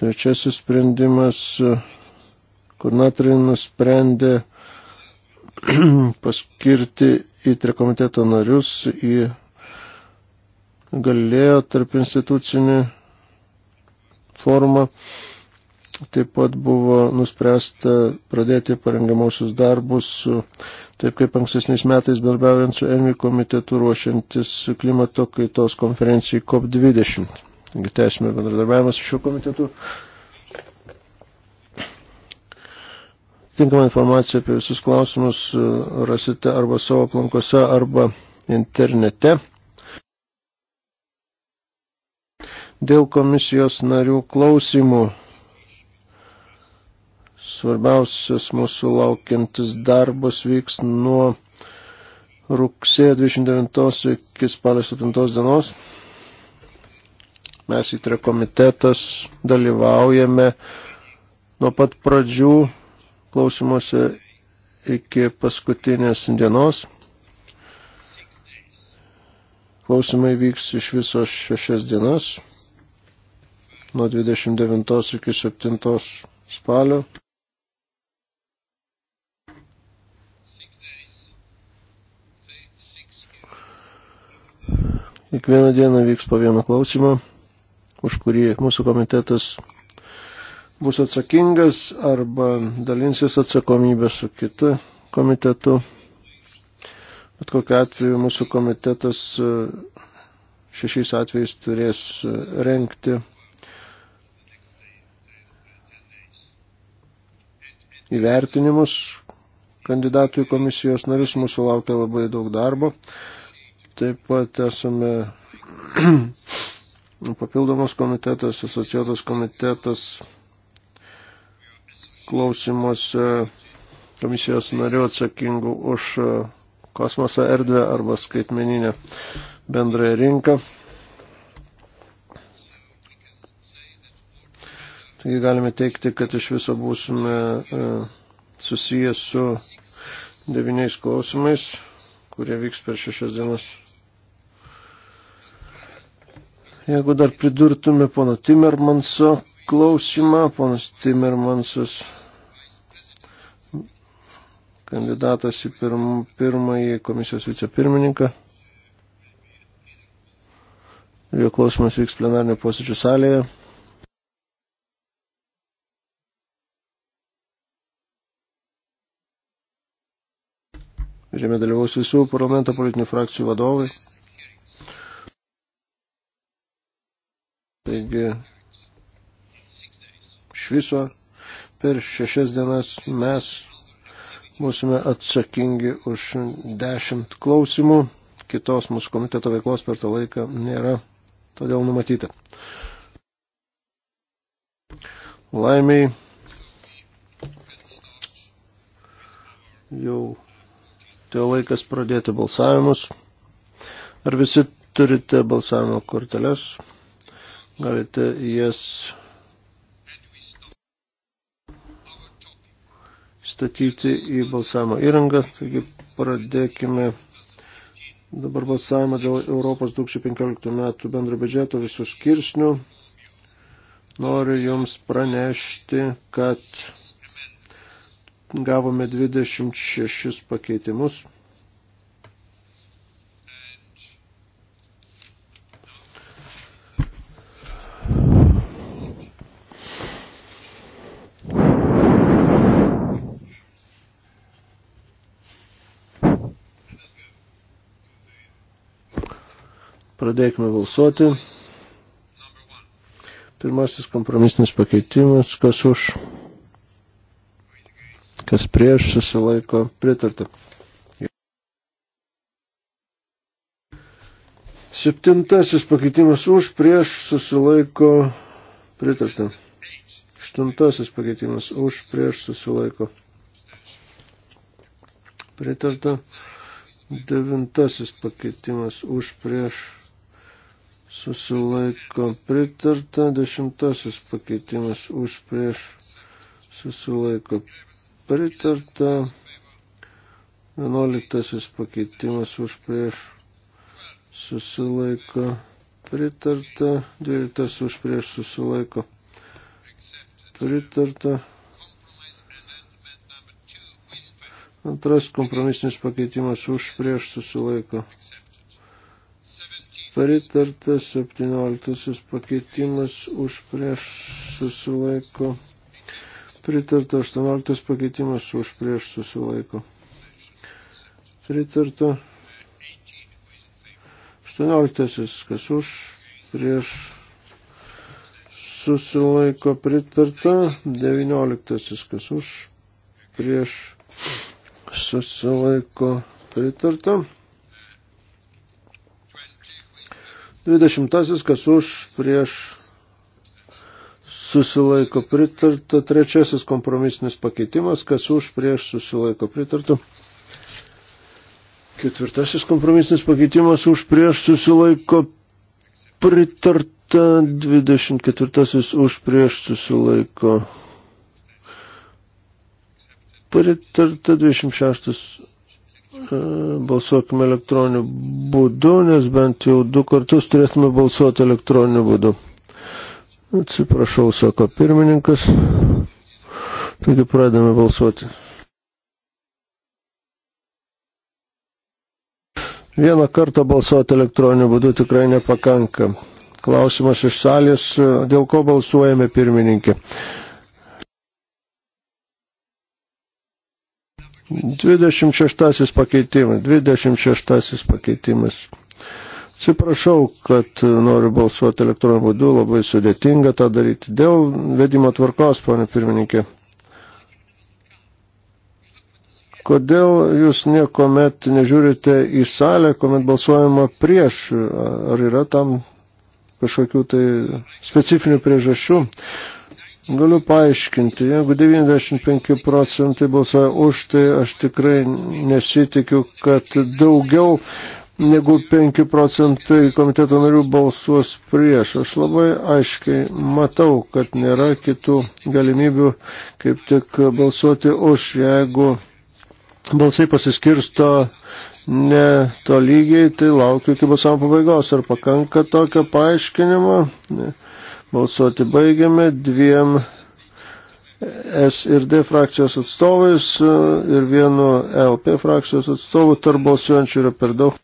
Trečiasis sprendimas, koordinatoriai nusprendė, paskirti į trikomiteto narius į galėjo tarp institucinį forumą. Taip pat buvo nuspręsta pradėti parengiamosius darbus, taip kaip ankstesniais metais bendraujant su ENVI komitetu ruošiantis klimato kaitos konferencijai COP20. Taigi tęsime bendradarbiavimą su šiuo komitetu. Tinkamą informaciją apie visus klausimus e, rasite arba savo aplankose, arba internete. Dėl komisijos narių klausimų svarbiausias mūsų laukiantis darbas vyks nuo rugsėjo 29 iki spalio 7 dienos. Mes įtre komitetas dalyvaujame nuo pat pradžių klausimuose iki paskutinės dienos. Klausimai vyks iš viso šešias dienas, nuo 29 iki 7 spalio. Kiekvieną dieną vyks po vieną klausimą, už kurį mūsų komitetas bus atsakingas arba dalinsis atsakomybę su kitu komitetu. Bet kokiu atveju mūsų komitetas e, šešiais atvejais turės e, renkti įvertinimus kandidatų į komisijos narius. Mūsų laukia labai daug darbo. Taip pat esame papildomas komitetas, asociuotas komitetas klausimuose komisijos narių atsakingų už e, kosmosą erdvę arba skaitmeninę bendrąją rinką. Taigi galime teikti, kad iš viso būsime e, susijęs su devyniais klausimais, kurie vyks per šešias dienas. Jeigu dar pridurtume pono Timmermanso klausimą, ponas Timmermansas kandidatas į pirm, pirmąjį komisijos vicepirmininką. Jo klausimas vyks plenarnio posėdžių salėje. Žemė dalyvaus visų parlamento politinių frakcijų vadovai. Taigi, iš viso per šešias dienas mes būsime atsakingi už dešimt klausimų, kitos mūsų komiteto veiklos per tą laiką nėra, todėl numatyta. Laimiai jau tai laikas pradėti balsavimus. Ar visi turite balsavimo korteles? Galite jas. Yes statyti į balsavimo įrangą. Taigi pradėkime dabar balsavimą dėl Europos 2015 metų bendro biudžeto visų skirsnių. Noriu Jums pranešti, kad gavome 26 pakeitimus. Pradėkime balsuoti. Pirmasis kompromisinis pakeitimas, kas už, kas prieš susilaiko pritarta. Septintasis pakeitimas už, prieš susilaiko pritarta. Aštuntasis pakeitimas už, prieš susilaiko pritarta. Devintasis pakeitimas už, prieš susilaiko pritarta, dešimtasis pakeitimas už prieš susilaiko pritarta, vienuoliktasis pakeitimas už prieš susilaiko pritarta, dvyliktas už prieš susilaiko pritarta. Antras kompromisinis pakeitimas už prieš susilaiko pritarta. Pritartas 17 pakeitimas už prieš susilaiko. Pritarta 18 pakeitimas už prieš susilaiko. Pritarta 18 kas už prieš susilaiko. Pritarta 19 kas už prieš susilaiko. Pritarta. 20 kas už prieš susilaiko pritarta. Trečiasis kompromisinis pakeitimas, kas už prieš susilaiko pritarta. Ketvirtasis kompromisinis pakeitimas už prieš susilaiko pritarta. 24 už prieš susilaiko pritarta. 26 E, balsuokime elektroniniu būdu, nes bent jau du kartus turėtume balsuoti elektroniniu būdu. Atsiprašau, sako pirmininkas. Taigi pradame balsuoti. Vieną kartą balsuoti elektroniniu būdu tikrai nepakanka. Klausimas iš salės, dėl ko balsuojame pirmininkė. 26 pakeitimas, 26 pakeitimas. Atsiprašau, kad noriu balsuoti elektroniniu būdu, labai sudėtinga tą daryti. Dėl vedimo tvarkos, ponė pirmininkė. Kodėl jūs niekuomet nežiūrite į salę, kuomet balsuojama prieš? Ar yra tam kažkokių tai specifinių priežasčių? Galiu paaiškinti, jeigu 95 procentai balsuoja už, tai aš tikrai nesitikiu, kad daugiau negu 5 procentai komiteto narių balsuos prieš. Aš labai aiškiai matau, kad nėra kitų galimybių kaip tik balsuoti už, jeigu balsai pasiskirsto ne tolygiai, tai laukiu iki balsavimo pabaigos. Ar pakanka tokio paaiškinimo? Ne. Balsuoti baigiame dviem S ir D frakcijos atstovais ir vienu LP frakcijos atstovu tarp balsuojančių yra per daug.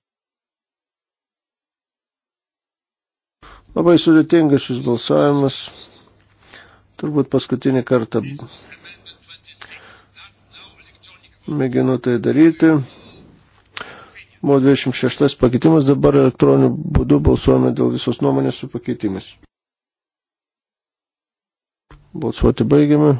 Labai sudėtingas šis balsavimas. Turbūt paskutinį kartą mėginu tai daryti. Buvo 26 pakeitimas, dabar elektroniniu būdu balsuojame dėl visos nuomonės su pakeitimais. Balsuoti baigiame.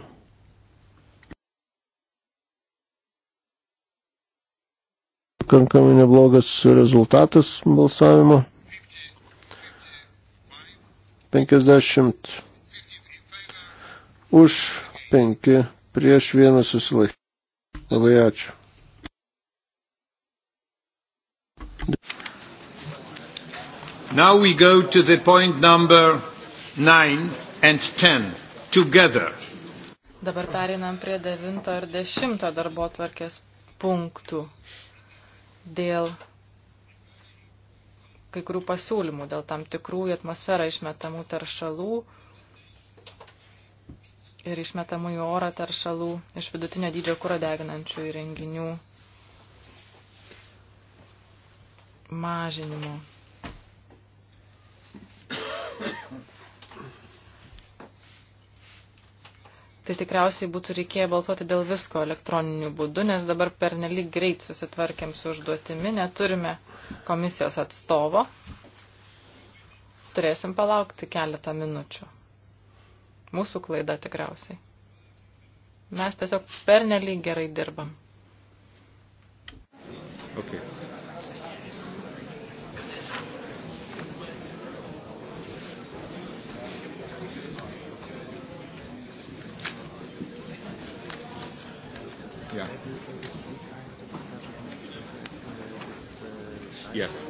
Pakankamai neblogas rezultatas balsavimo. 50 už 5 prieš vieną susilaikymą. Labai ačiū. Now we go to the point number 9 and 10 together. Dabar perinam prie 9 ir 10 darbo tvarkės punktų dėl kai kurių pasiūlymų, dėl tam tikrų į atmosferą išmetamų taršalų ir išmetamų į orą taršalų iš vidutinio dydžio kūro deginančių įrenginių mažinimo. tai tikriausiai būtų reikėję balsuoti dėl visko elektroniniu būdu, nes dabar per nelik greit susitvarkėm su užduotimi, neturime komisijos atstovo. Turėsim palaukti keletą minučių. Mūsų klaida tikriausiai. Mes tiesiog per nelik gerai dirbam. Yes.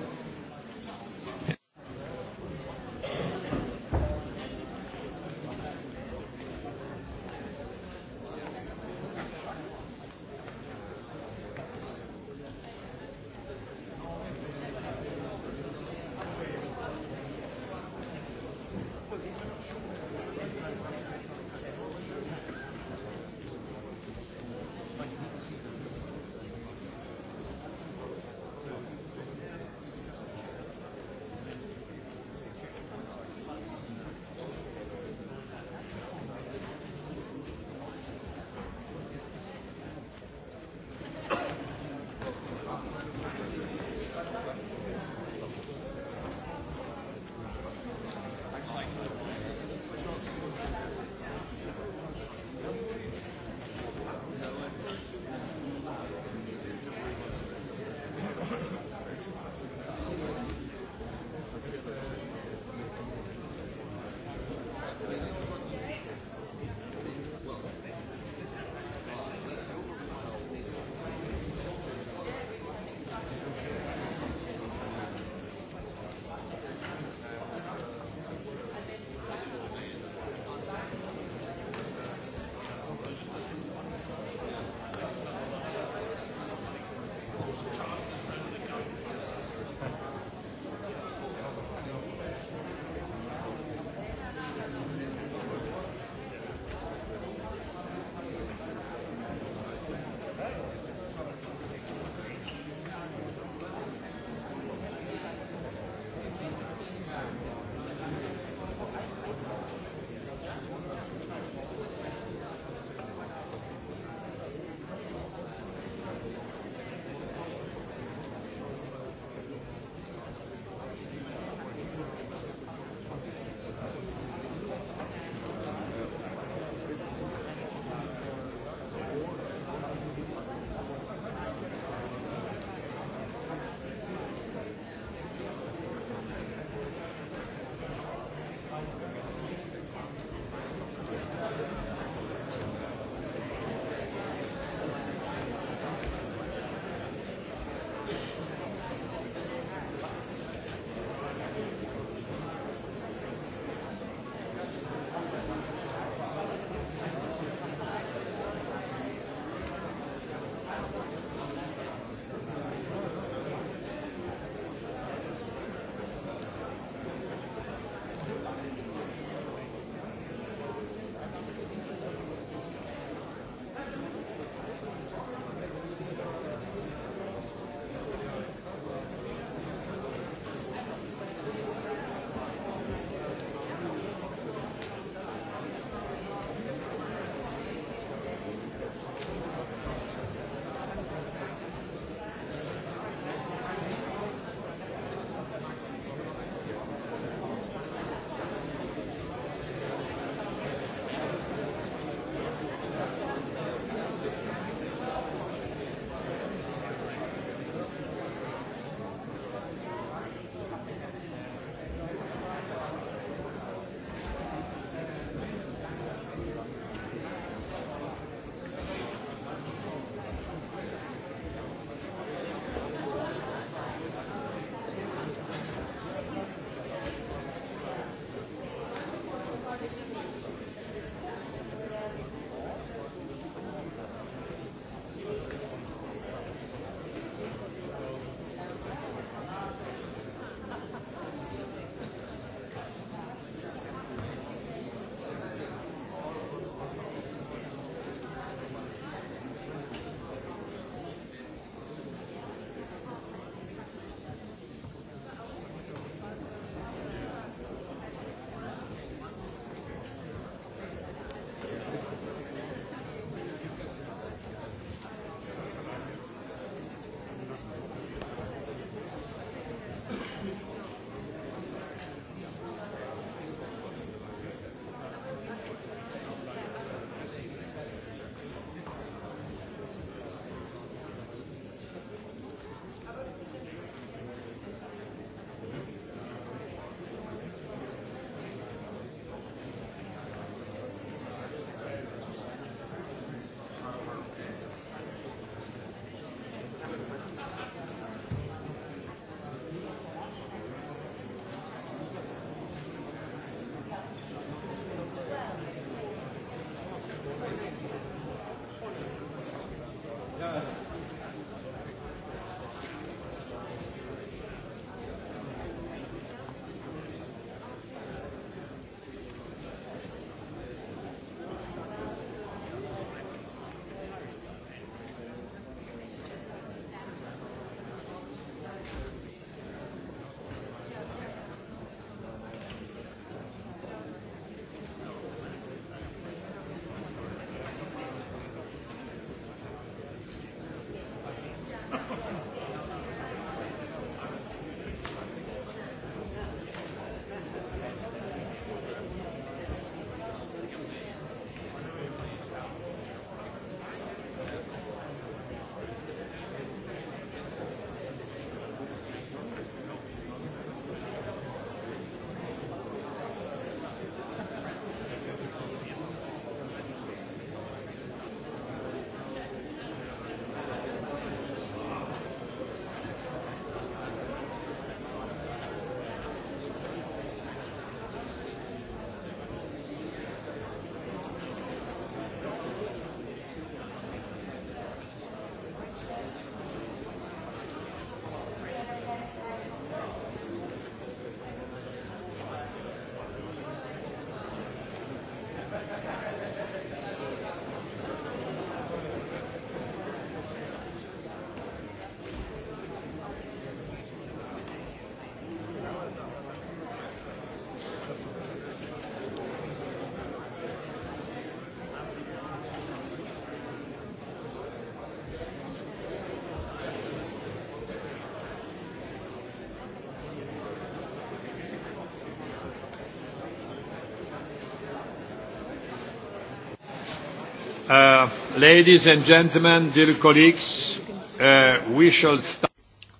Ladies and gentlemen, dear colleagues, uh, we shall start.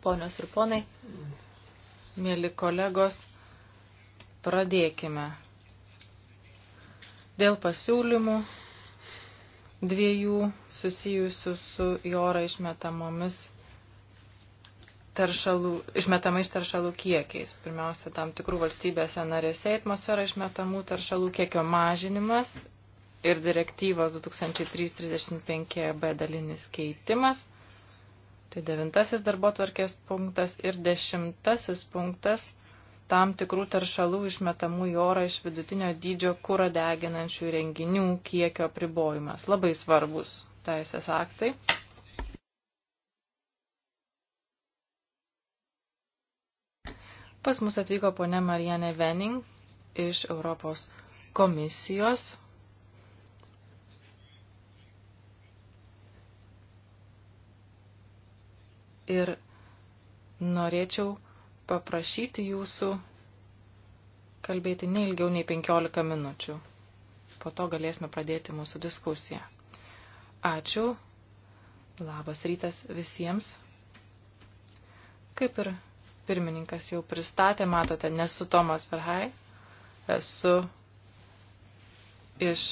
Ponios ir ponai, mėly kolegos, pradėkime. Dėl pasiūlymų dviejų susijusių su į orą išmetamomis taršalų, išmetamais taršalų kiekiais. Pirmiausia, tam tikrų valstybėse narėse atmosfera išmetamų taršalų kiekio mažinimas ir direktyvos 2003-35B dalinis keitimas. Tai devintasis darbo tvarkės punktas ir dešimtasis punktas tam tikrų taršalų išmetamų į orą iš vidutinio dydžio kūro deginančių renginių kiekio pribojimas. Labai svarbus teisės aktai. Pas mus atvyko ponė Marianne Venning iš Europos komisijos ir norėčiau paprašyti jūsų kalbėti neilgiau nei 15 minučių. Po to galėsime pradėti mūsų diskusiją. Ačiū. Labas rytas visiems. Kaip ir pirmininkas jau pristatė, matote, nesu Tomas Verhai, esu iš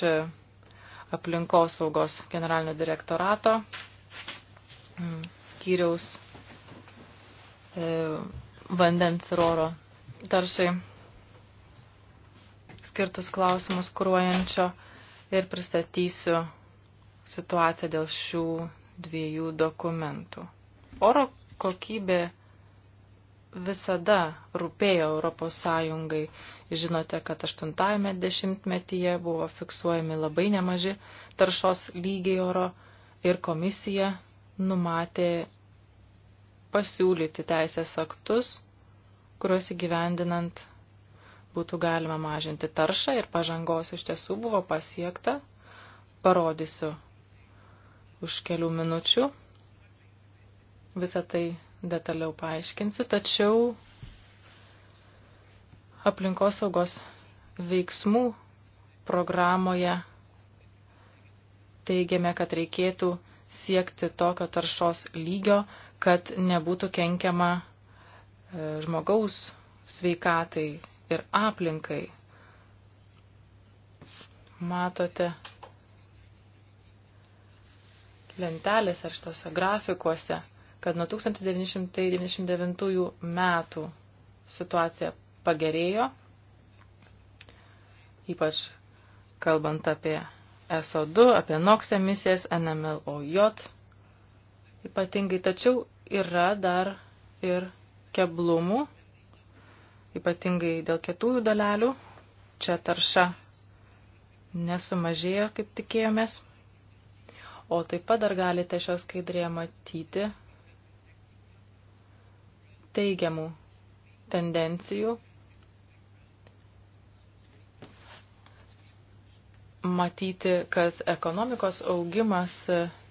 aplinkosaugos generalinio direktorato skyriaus e, vandens ir oro taršai skirtus klausimus kūruojančio ir pristatysiu situaciją dėl šių dviejų dokumentų. Oro kokybė visada rūpėjo Europos Sąjungai. Žinote, kad 80-ame dešimtmetyje buvo fiksuojami labai nemaži taršos lygiai oro ir komisija numatė pasiūlyti teisės aktus, kuriuos įgyvendinant būtų galima mažinti taršą ir pažangos iš tiesų buvo pasiekta. Parodysiu už kelių minučių. Visą tai detaliau paaiškinsiu, tačiau aplinkosaugos veiksmų programoje teigiame, kad reikėtų siekti tokio taršos lygio, kad nebūtų kenkiama e, žmogaus sveikatai ir aplinkai. Matote lentelėse ar šitose grafikuose, kad nuo 1999 metų situacija pagerėjo, ypač kalbant apie SO2, apie NOX emisijas, NMLOJ ypatingai. Tačiau yra dar ir keblumų, ypatingai dėl kietųjų dalelių. Čia tarša nesumažėjo, kaip tikėjomės. O taip pat dar galite šios skaidrėje matyti teigiamų tendencijų matyti, kad ekonomikos augimas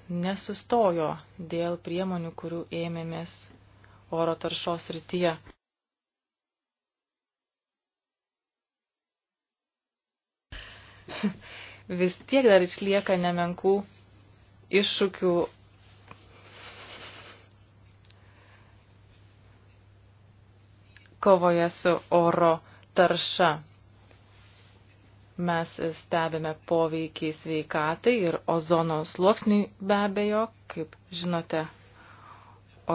nesustojo dėl priemonių, kurių ėmėmės oro taršos rytyje. Vis tiek dar išlieka nemenkų iššūkių kovoje su oro tarša. Mes stebime poveikį sveikatai ir ozono sluoksniui be abejo, kaip žinote,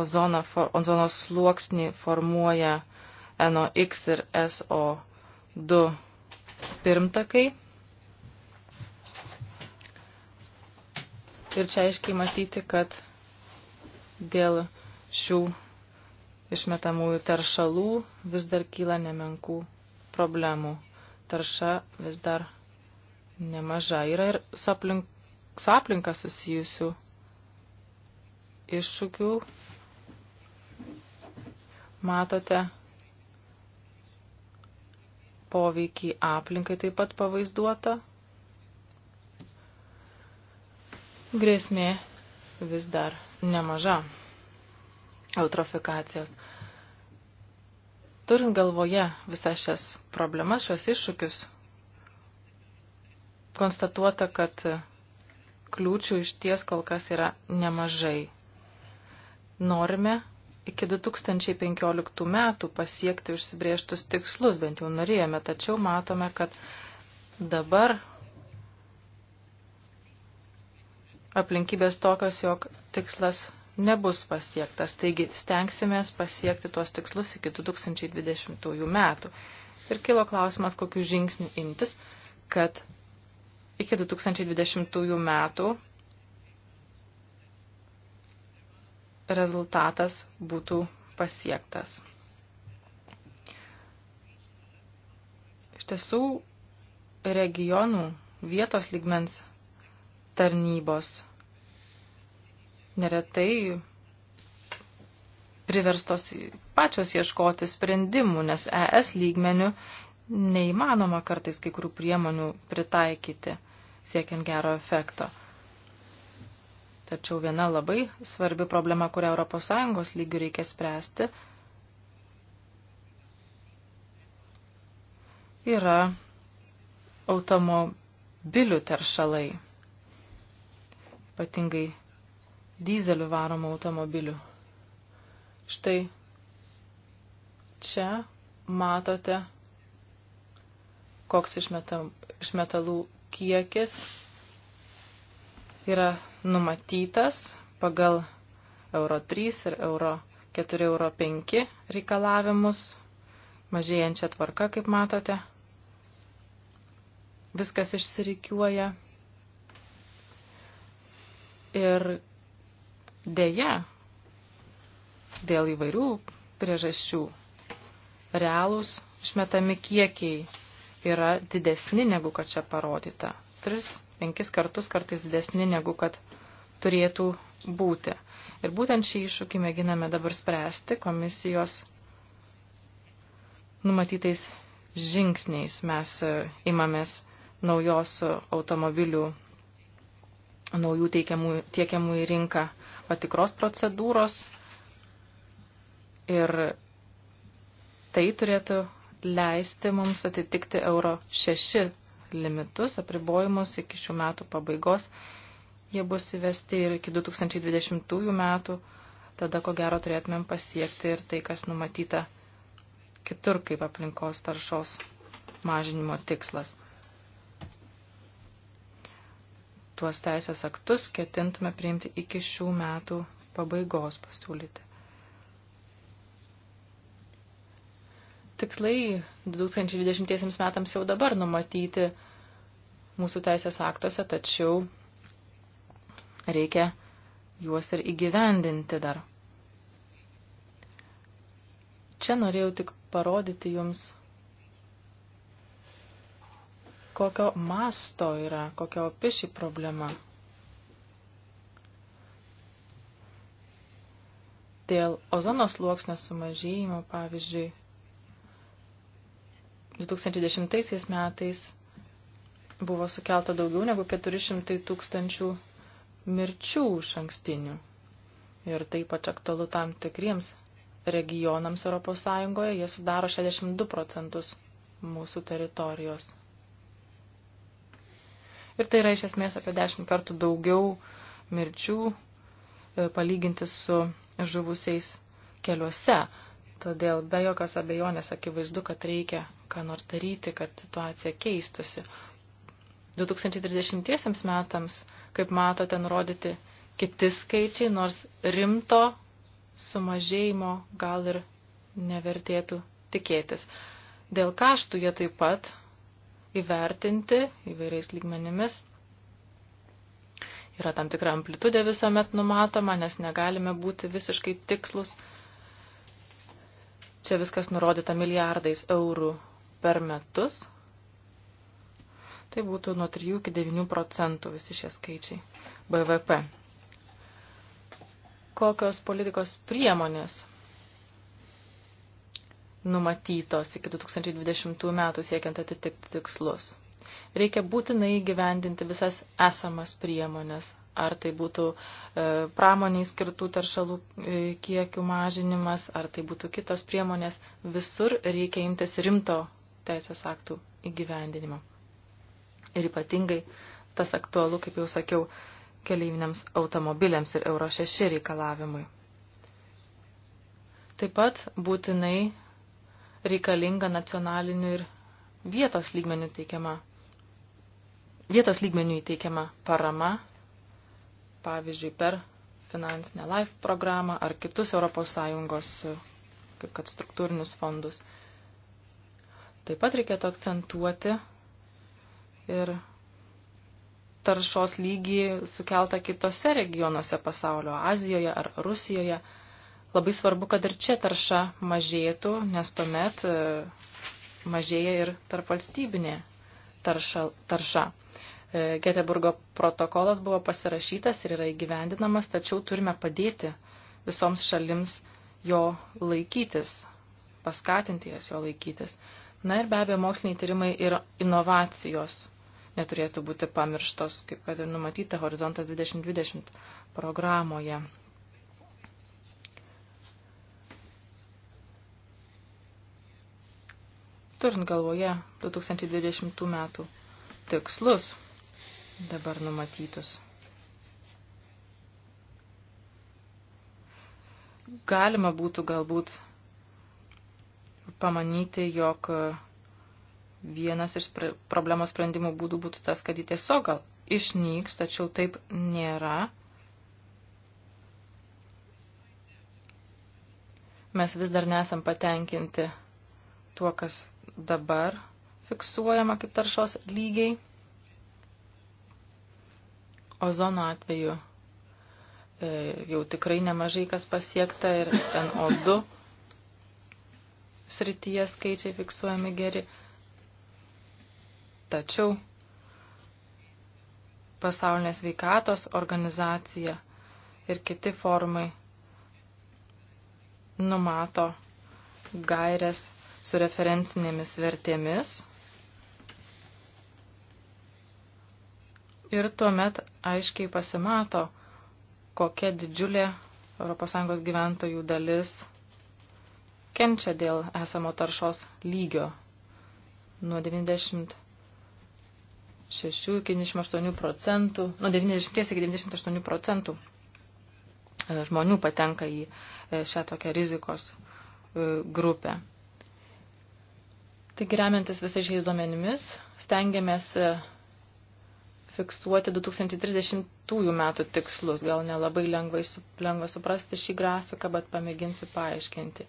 ozono, for, ozono sluoksnį formuoja NOx ir SO2 pirmtakai. Ir čia aiškiai matyti, kad dėl šių išmetamųjų teršalų vis dar kyla nemenkų problemų tarša vis dar nemaža. Yra ir su, aplink, su aplinka susijusių iššūkių. Matote poveikį aplinkai taip pat pavaizduota. Grėsmė vis dar nemaža eutrofikacijos. Turint galvoje visas šias problemas, šios iššūkius, konstatuota, kad kliūčių iš ties kol kas yra nemažai. Norime iki 2015 metų pasiekti užsibrieštus tikslus, bent jau norėjome, tačiau matome, kad dabar aplinkybės tokios, jog tikslas nebus pasiektas. Taigi stengsimės pasiekti tuos tikslus iki 2020 metų. Ir kilo klausimas, kokiu žingsniu imtis, kad iki 2020 metų rezultatas būtų pasiektas. Iš tiesų, regionų vietos ligmens tarnybos neretai priverstos pačios ieškoti sprendimų, nes ES lygmenių neįmanoma kartais kai kurių priemonių pritaikyti siekiant gero efekto. Tačiau viena labai svarbi problema, kurią ES lygių reikia spręsti, yra automobilių teršalai. Ypatingai dizeliu varomų automobilių. Štai čia matote, koks iš metalų kiekis yra numatytas pagal Euro 3 ir Euro 4, Euro 5 reikalavimus, mažėjančia tvarka, kaip matote. Viskas išsirikiuoja. Ir Deja, dėl įvairių priežasčių realūs išmetami kiekiai yra didesni negu kad čia parodyta. Tris, penkis kartus kartais didesni negu kad turėtų būti. Ir būtent šį iššūkį mėginame dabar spręsti komisijos numatytais žingsniais. Mes e, imamės naujos automobilių, naujų teikiamų, tiekiamų į rinką patikros procedūros ir tai turėtų leisti mums atitikti euro 6 limitus, apribojimus iki šių metų pabaigos. Jie bus įvesti ir iki 2020 metų, tada ko gero turėtumėm pasiekti ir tai, kas numatyta kitur kaip aplinkos taršos mažinimo tikslas. tuos teisės aktus ketintume priimti iki šių metų pabaigos pasiūlyti. Tikslai 2020 metams jau dabar numatyti mūsų teisės aktuose, tačiau reikia juos ir įgyvendinti dar. Čia norėjau tik parodyti jums kokio masto yra, kokio opiši problema. Dėl ozonos sluoksnio sumažėjimo, pavyzdžiui, 2010 metais buvo sukelta daugiau negu 400 tūkstančių mirčių šankstinių. Ir taip pat aktualu tam tikriems regionams Europos Sąjungoje, jie sudaro 62 procentus mūsų teritorijos. Ir tai yra iš esmės apie 10 kartų daugiau mirčių e, palyginti su žuvusiais keliuose. Todėl be jokios abejonės akivaizdu, kad reikia ką nors daryti, kad situacija keistusi. 2030 metams, kaip matote, nurodyti kiti skaičiai, nors rimto sumažėjimo gal ir nevertėtų tikėtis. Dėl kaštų jie taip pat įvertinti įvairiais lygmenimis. Yra tam tikra amplitudė visuomet numatoma, nes negalime būti visiškai tikslus. Čia viskas nurodyta milijardais eurų per metus. Tai būtų nuo 3 iki 9 procentų visi šie skaičiai BVP. Kokios politikos priemonės numatytos iki 2020 metų siekiant atitikti tikslus. Reikia būtinai gyvendinti visas esamas priemonės, ar tai būtų e, pramoniai skirtų taršalų e, kiekių mažinimas, ar tai būtų kitos priemonės, visur reikia imtis rimto teisės aktų įgyvendinimo. Ir ypatingai tas aktualu, kaip jau sakiau, keleiviniams automobiliams ir Euro 6 reikalavimui. Taip pat būtinai reikalinga nacionaliniu ir vietos lygmenių teikiama. Vietos lygmenių įteikiama parama, pavyzdžiui, per finansinę LIFE programą ar kitus ES, kaip kad struktūrinius fondus. Taip pat reikėtų akcentuoti ir taršos lygį sukeltą kitose regionuose pasaulio, Azijoje ar Rusijoje – Labai svarbu, kad ir čia tarša mažėtų, nes tuomet e, mažėja ir tarpvalstybinė tarša. tarša. E, Geteburgo protokolas buvo pasirašytas ir yra įgyvendinamas, tačiau turime padėti visoms šalims jo laikytis, paskatinti jas jo laikytis. Na ir be abejo, moksliniai tyrimai ir inovacijos neturėtų būti pamirštos, kaip kad ir numatyta Horizontas 2020 programoje. turint galvoje 2020 metų tikslus dabar numatytus. Galima būtų galbūt pamanyti, jog vienas iš problemos sprendimų būdų būtų tas, kad ji tiesiog gal išnyks, tačiau taip nėra. Mes vis dar nesam patenkinti tuo, kas dabar fiksuojama kaip taršos lygiai. Ozono atveju e, jau tikrai nemažai kas pasiekta ir NO2 srityje skaičiai fiksuojami geri. Tačiau pasaulinės veikatos organizacija ir kiti formai numato gairės su referencinėmis vertėmis. Ir tuomet aiškiai pasimato, kokia didžiulė ES gyventojų dalis kenčia dėl esamo taršos lygio nuo 90 6 iki 98 procentų, nuo 90 iki 98 procentų e, žmonių patenka į e, šią tokią rizikos e, grupę. Taigi remiantis visais šiais duomenimis, stengiamės e, fiksuoti 2030 metų tikslus. Gal nelabai lengvai, lengva suprasti šį grafiką, bet pamėginsiu paaiškinti.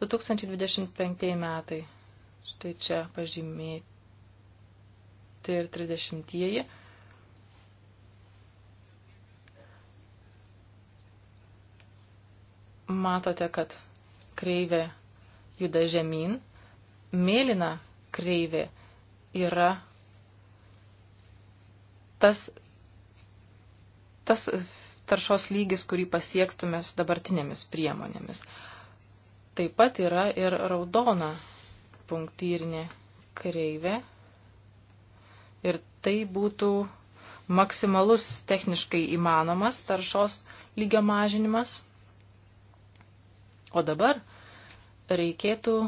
2025 metai. Štai čia pažymėti ir 30-ieji. Matote, kad kreivė juda žemyn mėlyna kreivė yra tas, tas taršos lygis, kurį pasiektume su dabartinėmis priemonėmis. Taip pat yra ir raudona punktyrinė kreivė. Ir tai būtų maksimalus techniškai įmanomas taršos lygio mažinimas. O dabar reikėtų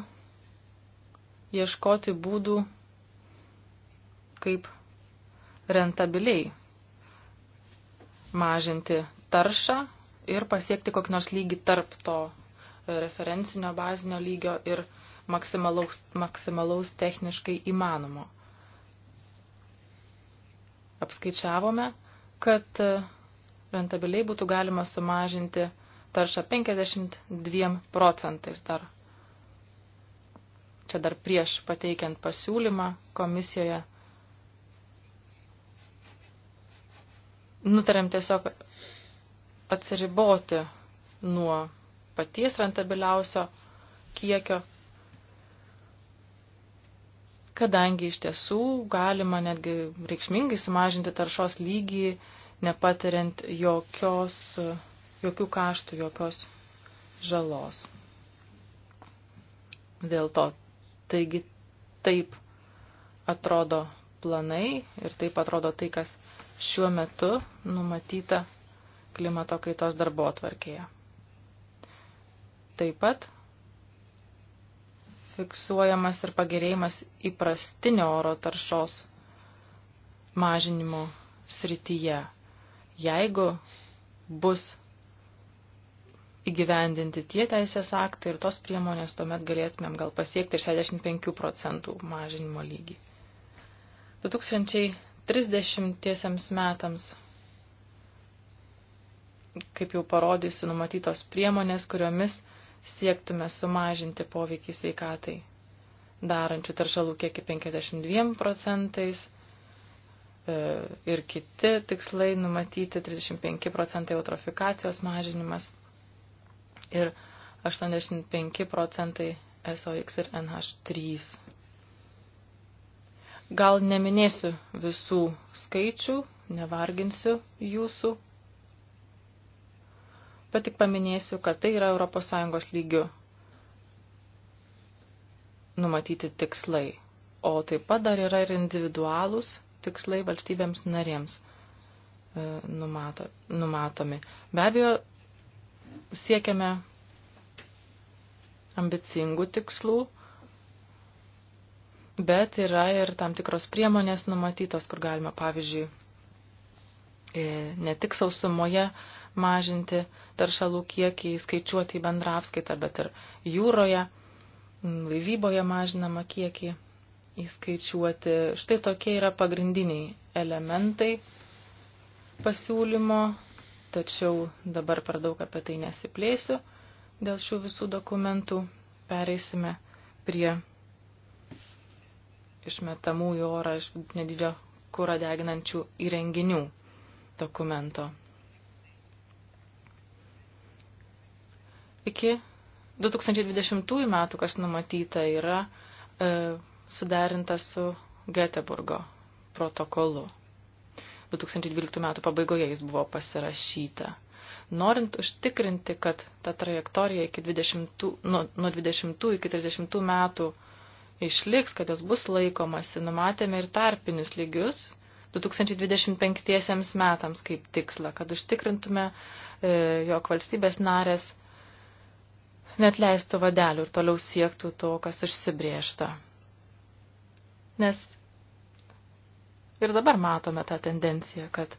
ieškoti būdų, kaip rentabiliai mažinti taršą ir pasiekti kokį nors lygį tarp to e, referencinio bazinio lygio ir maksimalaus, maksimalaus techniškai įmanomo. Apskaičiavome, kad e, rentabiliai būtų galima sumažinti taršą 52 procentais dar čia dar prieš pateikiant pasiūlymą komisijoje, nutarėm tiesiog atsiriboti nuo paties rentabiliausio kiekio, kadangi iš tiesų galima netgi reikšmingai sumažinti taršos lygį, nepatiriant jokios, jokių kaštų, jokios žalos. Dėl to Taigi taip atrodo planai ir taip atrodo tai, kas šiuo metu numatyta klimato kaitos darbo atvarkėje. Taip pat fiksuojamas ir pagerėjimas įprastinio oro taršos mažinimo srityje. Jeigu bus įgyvendinti tie teisės aktai ir tos priemonės, tuomet galėtumėm gal pasiekti ir 65 procentų mažinimo lygį. 2030 metams, kaip jau parodysiu, numatytos priemonės, kuriomis siektume sumažinti poveikį sveikatai, darančių taršalų kiekį 52 procentais e, ir kiti tikslai numatyti 35 procentai eutrofikacijos mažinimas ir 85 procentai SOX ir NH3. Gal neminėsiu visų skaičių, nevarginsiu jūsų, bet tik paminėsiu, kad tai yra ES lygių numatyti tikslai, o taip pat dar yra ir individualūs tikslai valstybėms narėms e, numato, numatomi. Be abejo, siekiame ambicingų tikslų, bet yra ir tam tikros priemonės numatytos, kur galima, pavyzdžiui, e, ne tik sausumoje mažinti taršalų kiekį, skaičiuoti į bendrą apskaitą, bet ir jūroje, laivyboje mažinama kiekį įskaičiuoti. Štai tokie yra pagrindiniai elementai pasiūlymo tačiau dabar per daug apie tai nesiplėsiu dėl šių visų dokumentų. Pereisime prie išmetamų į orą iš nedidžio kūrą deginančių įrenginių dokumento. Iki 2020 metų, kas numatyta, yra e, suderinta su Göteborgo protokolu. 2012 metų pabaigoje jis buvo pasirašyta. Norint užtikrinti, kad ta trajektorija iki 20, nu, nuo, nuo 20 iki 30 metų išliks, kad jos bus laikomasi, numatėme ir tarpinius lygius 2025 metams kaip tikslą, kad užtikrintume, e, jog valstybės narės net leistų vadelių ir toliau siektų to, kas užsibriešta. Nes Ir dabar matome tą tendenciją, kad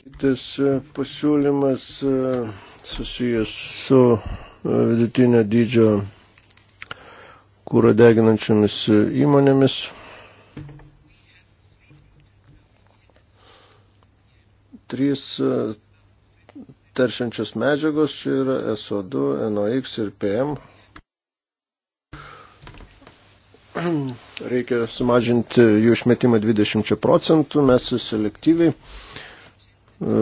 Kitas e, pasiūlymas e, susijęs su e, vidutinio dydžio kūro deginančiomis įmonėmis. trys e, teršiančios medžiagos, čia yra SO2, NOx ir PM. Reikia sumažinti jų išmetimą 20 procentų, mes selektyviai e,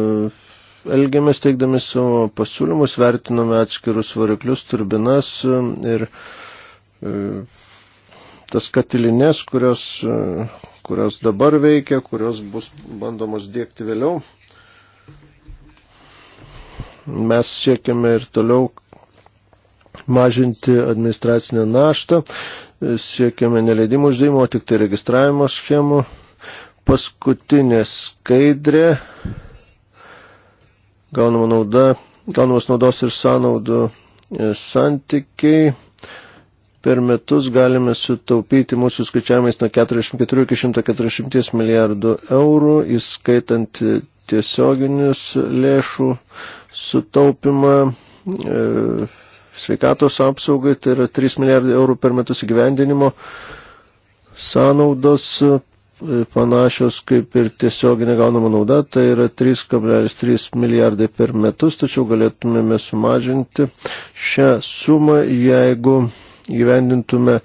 elgiamės teikdami savo pasiūlymus, vertiname atskirus variklius, turbinas e, ir tas katilinės, kurios, kurios dabar veikia, kurios bus bandomos dėkti vėliau. Mes siekiame ir toliau mažinti administracinę naštą, siekiame neleidimų uždėjimo, tik tai registravimo schemų. Paskutinė skaidrė, gaunama nauda, gaunamas naudos ir sąnaudų e, santykiai. Per metus galime sutaupyti mūsų skaičiavimais nuo 44 iki 140 milijardų eurų, įskaitant tiesioginius lėšų sutaupimą e, sveikatos apsaugai, tai yra 3 milijardai eurų per metus įgyvendinimo sąnaudos e, panašios kaip ir tiesioginė gaunama nauda, tai yra 3,3 milijardai per metus, tačiau galėtumėme sumažinti šią sumą, jeigu gyvendintume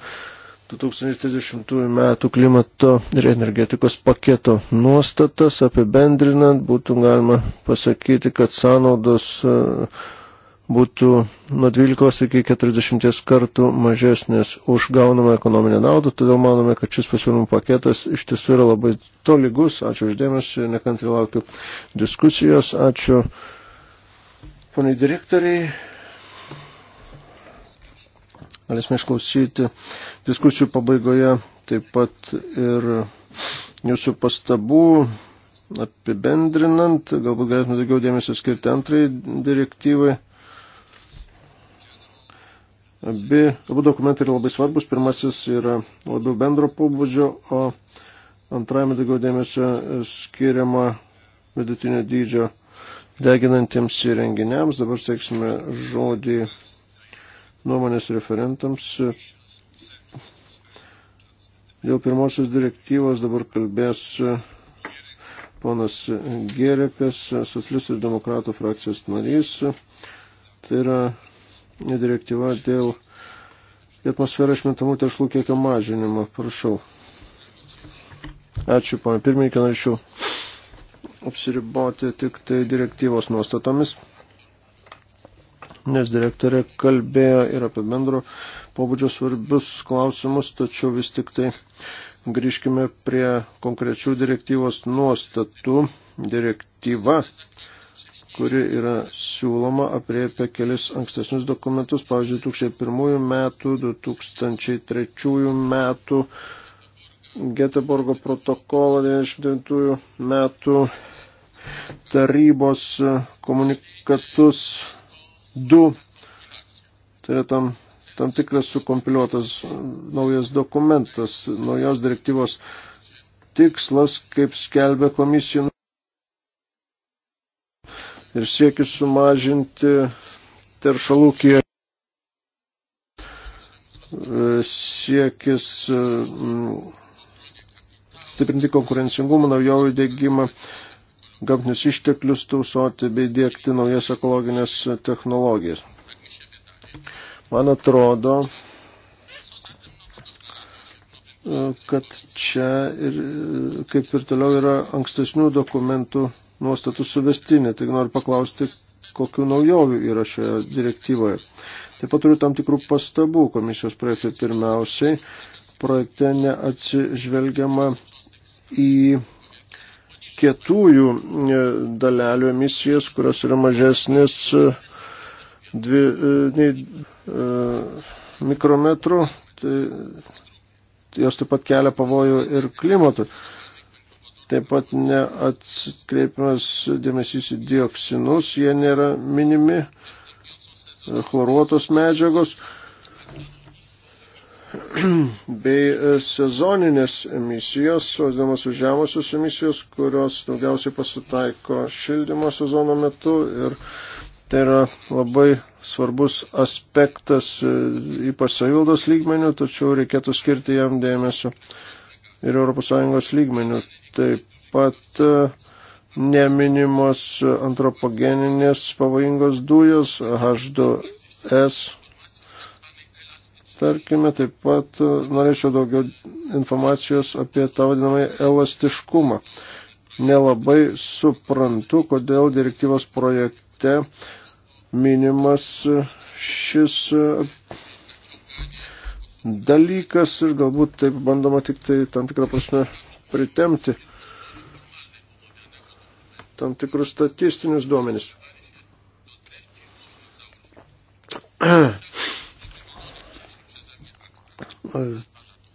2030 metų klimato ir energetikos paketo nuostatas apibendrinant būtų galima pasakyti, kad sąnaudos e, būtų nuo 12 iki 40 kartų mažesnės už gaunamą ekonominę naudą, todėl manome, kad šis pasiūlymų paketas iš tiesų yra labai tolygus. Ačiū uždėmesi, nekantri laukiu diskusijos. Ačiū, poniai direktoriai galėsime išklausyti diskusijų pabaigoje taip pat ir jūsų pastabų apibendrinant, galbūt galėtume daugiau dėmesio skirti antrai direktyvai. Abi, abu dokumentai yra labai svarbus. Pirmasis yra labiau bendro pobūdžio, o antrajame daugiau dėmesio skiriama vidutinio dydžio deginantiems įrenginiams. Dabar sėksime žodį nuomonės referentams. Dėl pirmosios direktyvos dabar kalbės ponas Gerepės, socialistų ir demokratų frakcijos narys. Tai yra direktyva dėl atmosferą išmetamų teršlų kiekio mažinimo. Prašau. Ačiū, pana pirmininkė, norėčiau apsiriboti tik tai direktyvos nuostatomis nes direktorė kalbėjo ir apie bendro pobūdžio svarbius klausimus, tačiau vis tik tai grįžkime prie konkrečių direktyvos nuostatų. Direktyva, kuri yra siūloma apriepia kelis ankstesnius dokumentus, pavyzdžiui, 2001 metų, 2003 metų, Geteborgo protokolo 99 metų tarybos komunikatus 2. Tai yra tam, tam tikras sukompiliuotas e, naujas dokumentas, naujos direktyvos tikslas, kaip skelbia komisija. Ir siekis sumažinti teršalų kiekį e, siekis e, stiprinti konkurencingumą, naujovių dėgymą, gamtinius išteklius tausoti bei dėkti naujas ekologinės technologijas. Man atrodo, kad čia ir, kaip ir toliau yra ankstesnių dokumentų nuostatų suvestinė. Tik noriu paklausti, kokiu naujoviu yra šioje direktyvoje. Taip pat turiu tam tikrų pastabų komisijos projektui. Pirmiausiai, projekte neatsižvelgiama į kietųjų e, dalelių emisijas, kurios yra mažesnės e, dvi, e, nei, mikrometrų, tai jos taip pat kelia pavojų ir klimatui. Taip pat neatskreipimas dėmesys į dioksinus, jie nėra minimi, chloruotos medžiagos bei e, sezoninės emisijos, suosdamas už žemosios emisijos, kurios daugiausiai pasitaiko šildymo sezono metu ir tai yra labai svarbus aspektas, e, ypač savildos lygmenių, tačiau reikėtų skirti jam dėmesio ir ES lygmenių. Taip pat e, neminimos antropogeninės pavojingos dujos H2S Tarkime, taip pat e, norėčiau daugiau informacijos apie tą vadinamą elastiškumą. Nelabai suprantu, kodėl direktyvos projekte minimas e, šis e, dalykas ir galbūt taip bandoma tik tai tam tikrą prasme pritemti tam tikrus statistinius duomenis.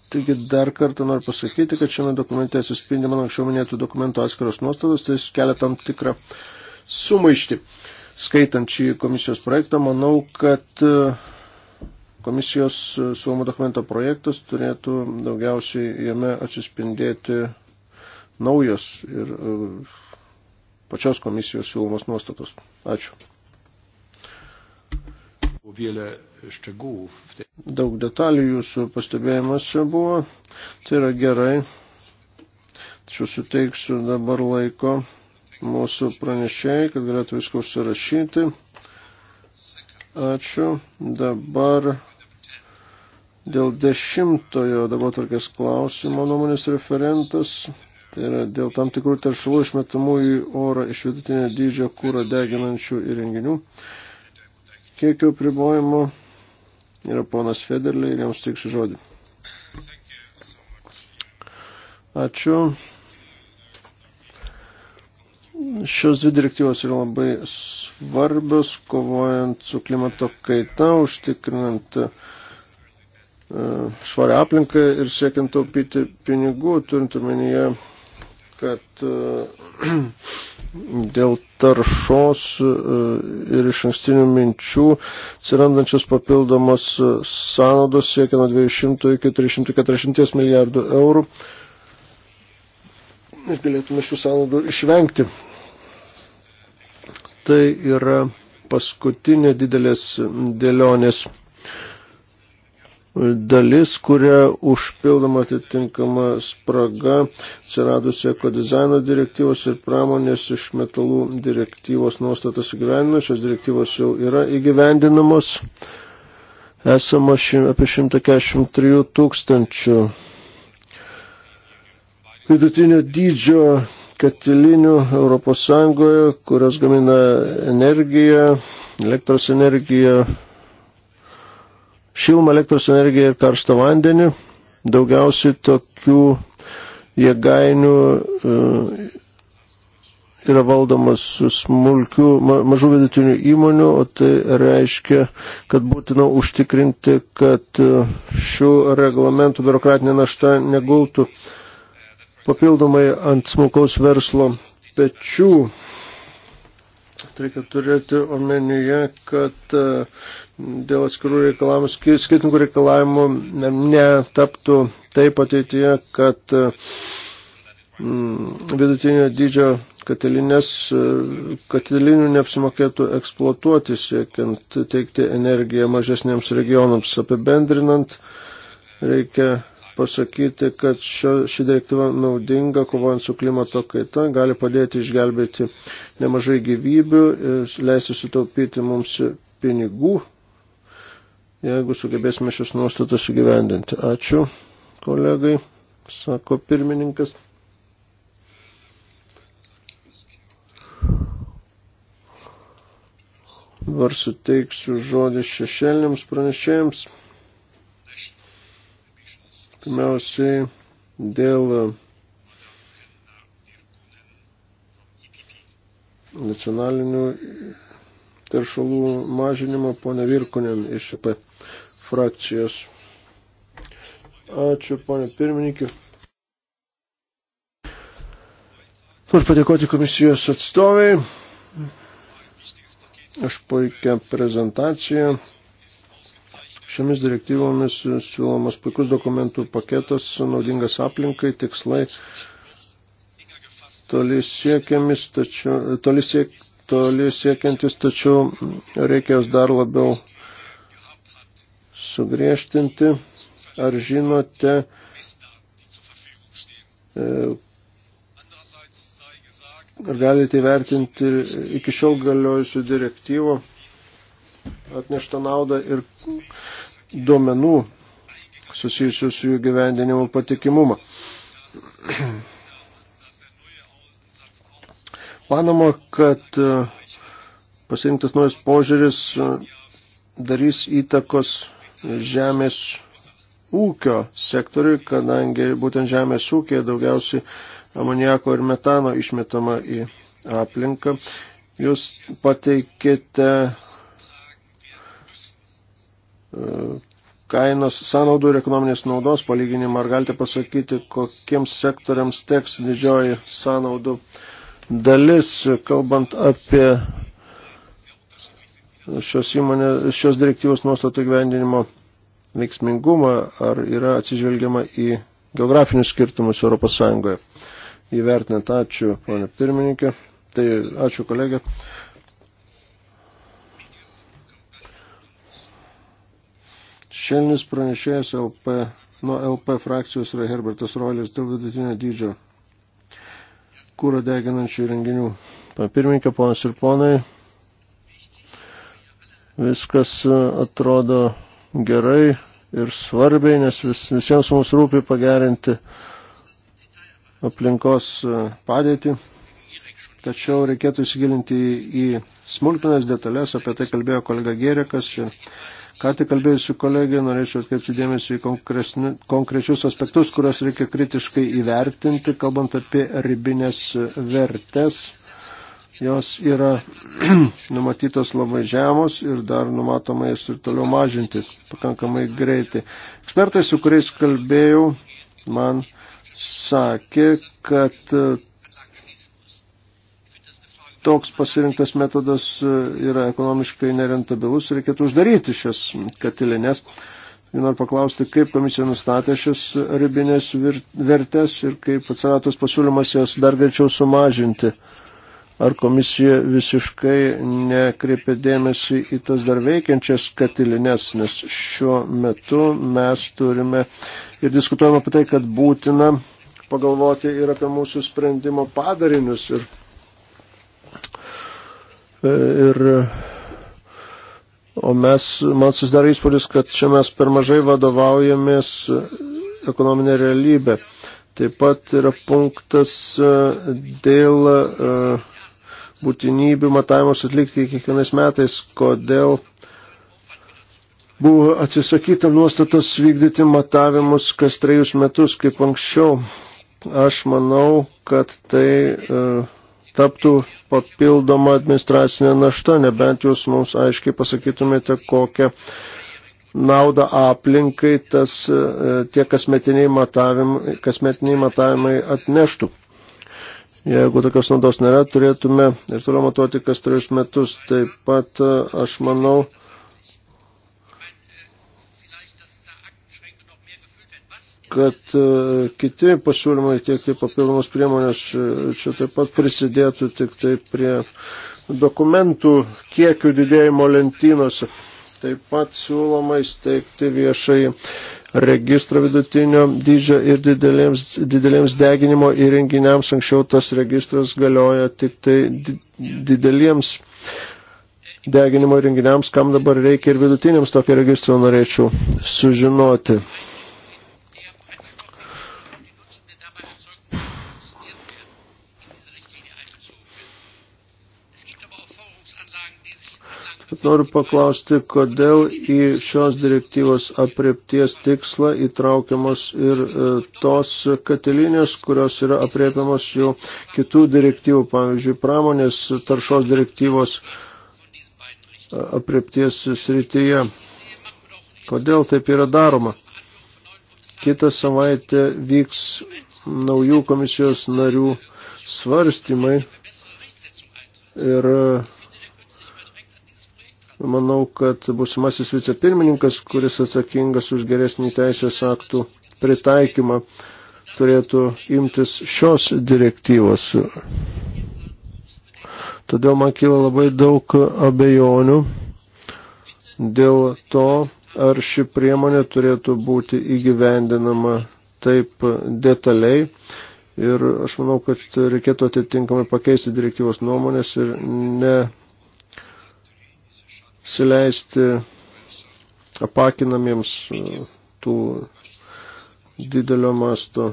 Taigi dar kartą noriu pasakyti, kad šiame dokumente atsispindi mano anksčiau minėtų dokumentų atskiros nuostatos, tai kelia tam tikrą sumaištį. Skaitant šį komisijos projektą, manau, kad e, komisijos e, suomo dokumento projektas turėtų daugiausiai jame atsispindėti naujos ir e, pačios komisijos siūlomos nuostatos. Ačiū. Wiele szczegółów w tej Daug detalių jūsų pastebėjimuose buvo. Tai yra gerai. Tačiau suteiksiu dabar laiko mūsų pranešėjai, kad galėtų viską užsirašyti. Ačiū. Dabar dėl dešimtojo dabar tvarkės klausimo nuomonės referentas. Tai yra dėl tam tikrų teršalų išmetamų į orą iš vidutinio dydžio kūro deginančių įrenginių. Kiekio pribojimo yra ponas Federlė ir jiems teiksiu žodį. Ačiū. Šios dvi direktyvos yra labai svarbios, kovojant su klimato kaita, užtikrinant e, švarę aplinką ir siekiant taupyti pinigų, turint omenyje kad e, dėl taršos e, ir iš ankstinių minčių atsirandančios papildomos e, sąnaudos siekia nuo 200 iki 340 milijardų eurų ir galėtume šių sąnaudų išvengti. Tai yra paskutinė didelės dėlionės dalis, kuria užpildoma atitinkama spraga atsiradusi ekodizaino direktyvos ir pramonės iš metalų direktyvos nuostatas įgyvendinus. Šios direktyvos jau yra įgyvendinamos. Esama ši, apie 143 tūkstančių vidutinio dydžio katilinių Europos Sąjungoje, kurios gamina energiją, elektros energiją, šilumą, elektros energiją ir karštą vandenį. Daugiausiai tokių jėgainių e, yra valdomas smulkių, mažų vidutinių įmonių, o tai reiškia, kad būtina užtikrinti, kad e, šių reglamentų biurokratinė našta negultų papildomai ant smulkaus verslo pečių. Tai reikia turėti omenyje, kad e, dėl atskirų reikalavimų, skirtingų reikalavimų netaptų taip ateityje, kad mm, vidutinio dydžio katilinių neapsimokėtų eksploatuoti, siekiant teikti energiją mažesniems regionams. Apibendrinant, reikia pasakyti, kad šio, ši direktyva naudinga, kovojant su klimato kaita, gali padėti išgelbėti nemažai gyvybių, e, leisti sutaupyti mums pinigų jeigu sugebėsime šias nuostatas įgyvendinti. Ačiū, kolegai, sako pirmininkas. Dabar suteiksiu žodį šešėlėms pranešėjams. Pirmiausiai dėl nacionalinių teršalų mažinimo, ponė Virkunen iš EP frakcijos. Ačiū, ponė pirmininkė. Noriu padėkoti komisijos atstoviai už puikią prezentaciją. Šiomis direktyvomis siūlomas puikus dokumentų paketas, naudingas aplinkai, tikslai toli siekiamis, tačiau, toli siek, toli siekiantis, tačiau reikia jos dar labiau sugriežtinti. Ar žinote, e, ar galite įvertinti iki šiol galiojusių direktyvų atneštą naudą ir duomenų susijusių su jų gyvendinimo patikimumą. Manoma, kad e, pasirinktas naujas požiūris e, darys įtakos žemės ūkio sektoriui, kadangi būtent žemės ūkėje daugiausiai amoniako ir metano išmetama į aplinką. Jūs pateikėte e, kainos sąnaudų ir ekonominės naudos palyginimą. Ar galite pasakyti, kokiems sektoriams teks didžioji sąnaudų dalis, kalbant apie šios, įmonė, šios direktyvos nuostatų gyvendinimo veiksmingumą, ar yra atsižvelgiama į geografinius skirtumus Europos Sąjungoje. Įvertinant, ačiū, ponė pirmininkė. Tai ačiū, kolegė. Šiandienis pranešėjas LP, nuo LP frakcijos yra Herbertas Rolis dėl vidutinio dydžio kūro deginančių įrenginių. Pirmininkė, ponas ir ponai, viskas e, atrodo gerai ir svarbiai, nes vis, visiems mums rūpi pagerinti aplinkos e, padėtį. Tačiau reikėtų įsigilinti į smulkmenas detalės, apie tai kalbėjo kolega Gerikas ir Ką tik kalbėjusiu kolegiją, norėčiau atkreipti dėmesį į konkrečius aspektus, kuriuos reikia kritiškai įvertinti, kalbant apie ribinės vertes. Jos yra numatytos labai žemos ir dar numatoma jas ir toliau mažinti pakankamai greitai. Ekspertai, su kuriais kalbėjau, man sakė, kad toks pasirinktas metodas e, yra ekonomiškai nerentabilus, reikėtų uždaryti šias katilinės. Noriu paklausti, kaip komisija nustatė šias ribinės vertės ir kaip atsiratos pasiūlymas jas dar greičiau sumažinti. Ar komisija visiškai nekreipė dėmesį į tas dar veikiančias katilinės, nes šiuo metu mes turime ir diskutuojame apie tai, kad būtina pagalvoti ir apie mūsų sprendimo padarinius ir Ir, o mes, man susidaro įspūdis, kad čia mes per mažai vadovaujamės ekonominė realybė. Taip pat yra punktas e, dėl e, būtinybių matavimus atlikti kiekvienais metais, kodėl buvo atsisakyta nuostatos vykdyti matavimus kas trejus metus, kaip anksčiau. Aš manau, kad tai uh, taptų papildoma administracinė našta, nebent jūs mums aiškiai pasakytumėte, kokią naudą aplinkai tas e, tie kasmetiniai matavimai, kasmetiniai matavimai atneštų. Jeigu tokios naudos nėra, turėtume ir toliau matuoti kas trejus metus. Taip pat e, aš manau, kad e, kiti pasiūlymai tiekti papildomas priemonės e, čia taip pat prisidėtų tik tai prie dokumentų kiekių didėjimo lentynose. Taip pat siūloma įsteigti viešai registrą vidutinio dydžio ir didelėms, didelėms deginimo įrenginiams. Anksčiau tas registras galioja tik tai dideliems deginimo įrenginiams, kam dabar reikia ir vidutiniams tokio registro norėčiau sužinoti. Noriu paklausti, kodėl į šios direktyvos apriepties tikslą įtraukiamos ir e, tos katilinės, kurios yra apriepiamos jau kitų direktyvų, pavyzdžiui, pramonės taršos direktyvos e, apriepties srityje. Kodėl taip yra daroma? Kitą savaitę vyks naujų komisijos narių svarstymai ir uh, Manau, kad būsimasis vicepirmininkas, kuris atsakingas už geresnį teisės aktų pritaikymą, turėtų imtis šios direktyvos. Todėl man kyla labai daug abejonių dėl to, ar ši priemonė turėtų būti įgyvendinama taip detaliai. Ir aš manau, kad reikėtų atitinkamai pakeisti direktyvos nuomonės ir ne įsileisti apakinamiems e, tų didelio masto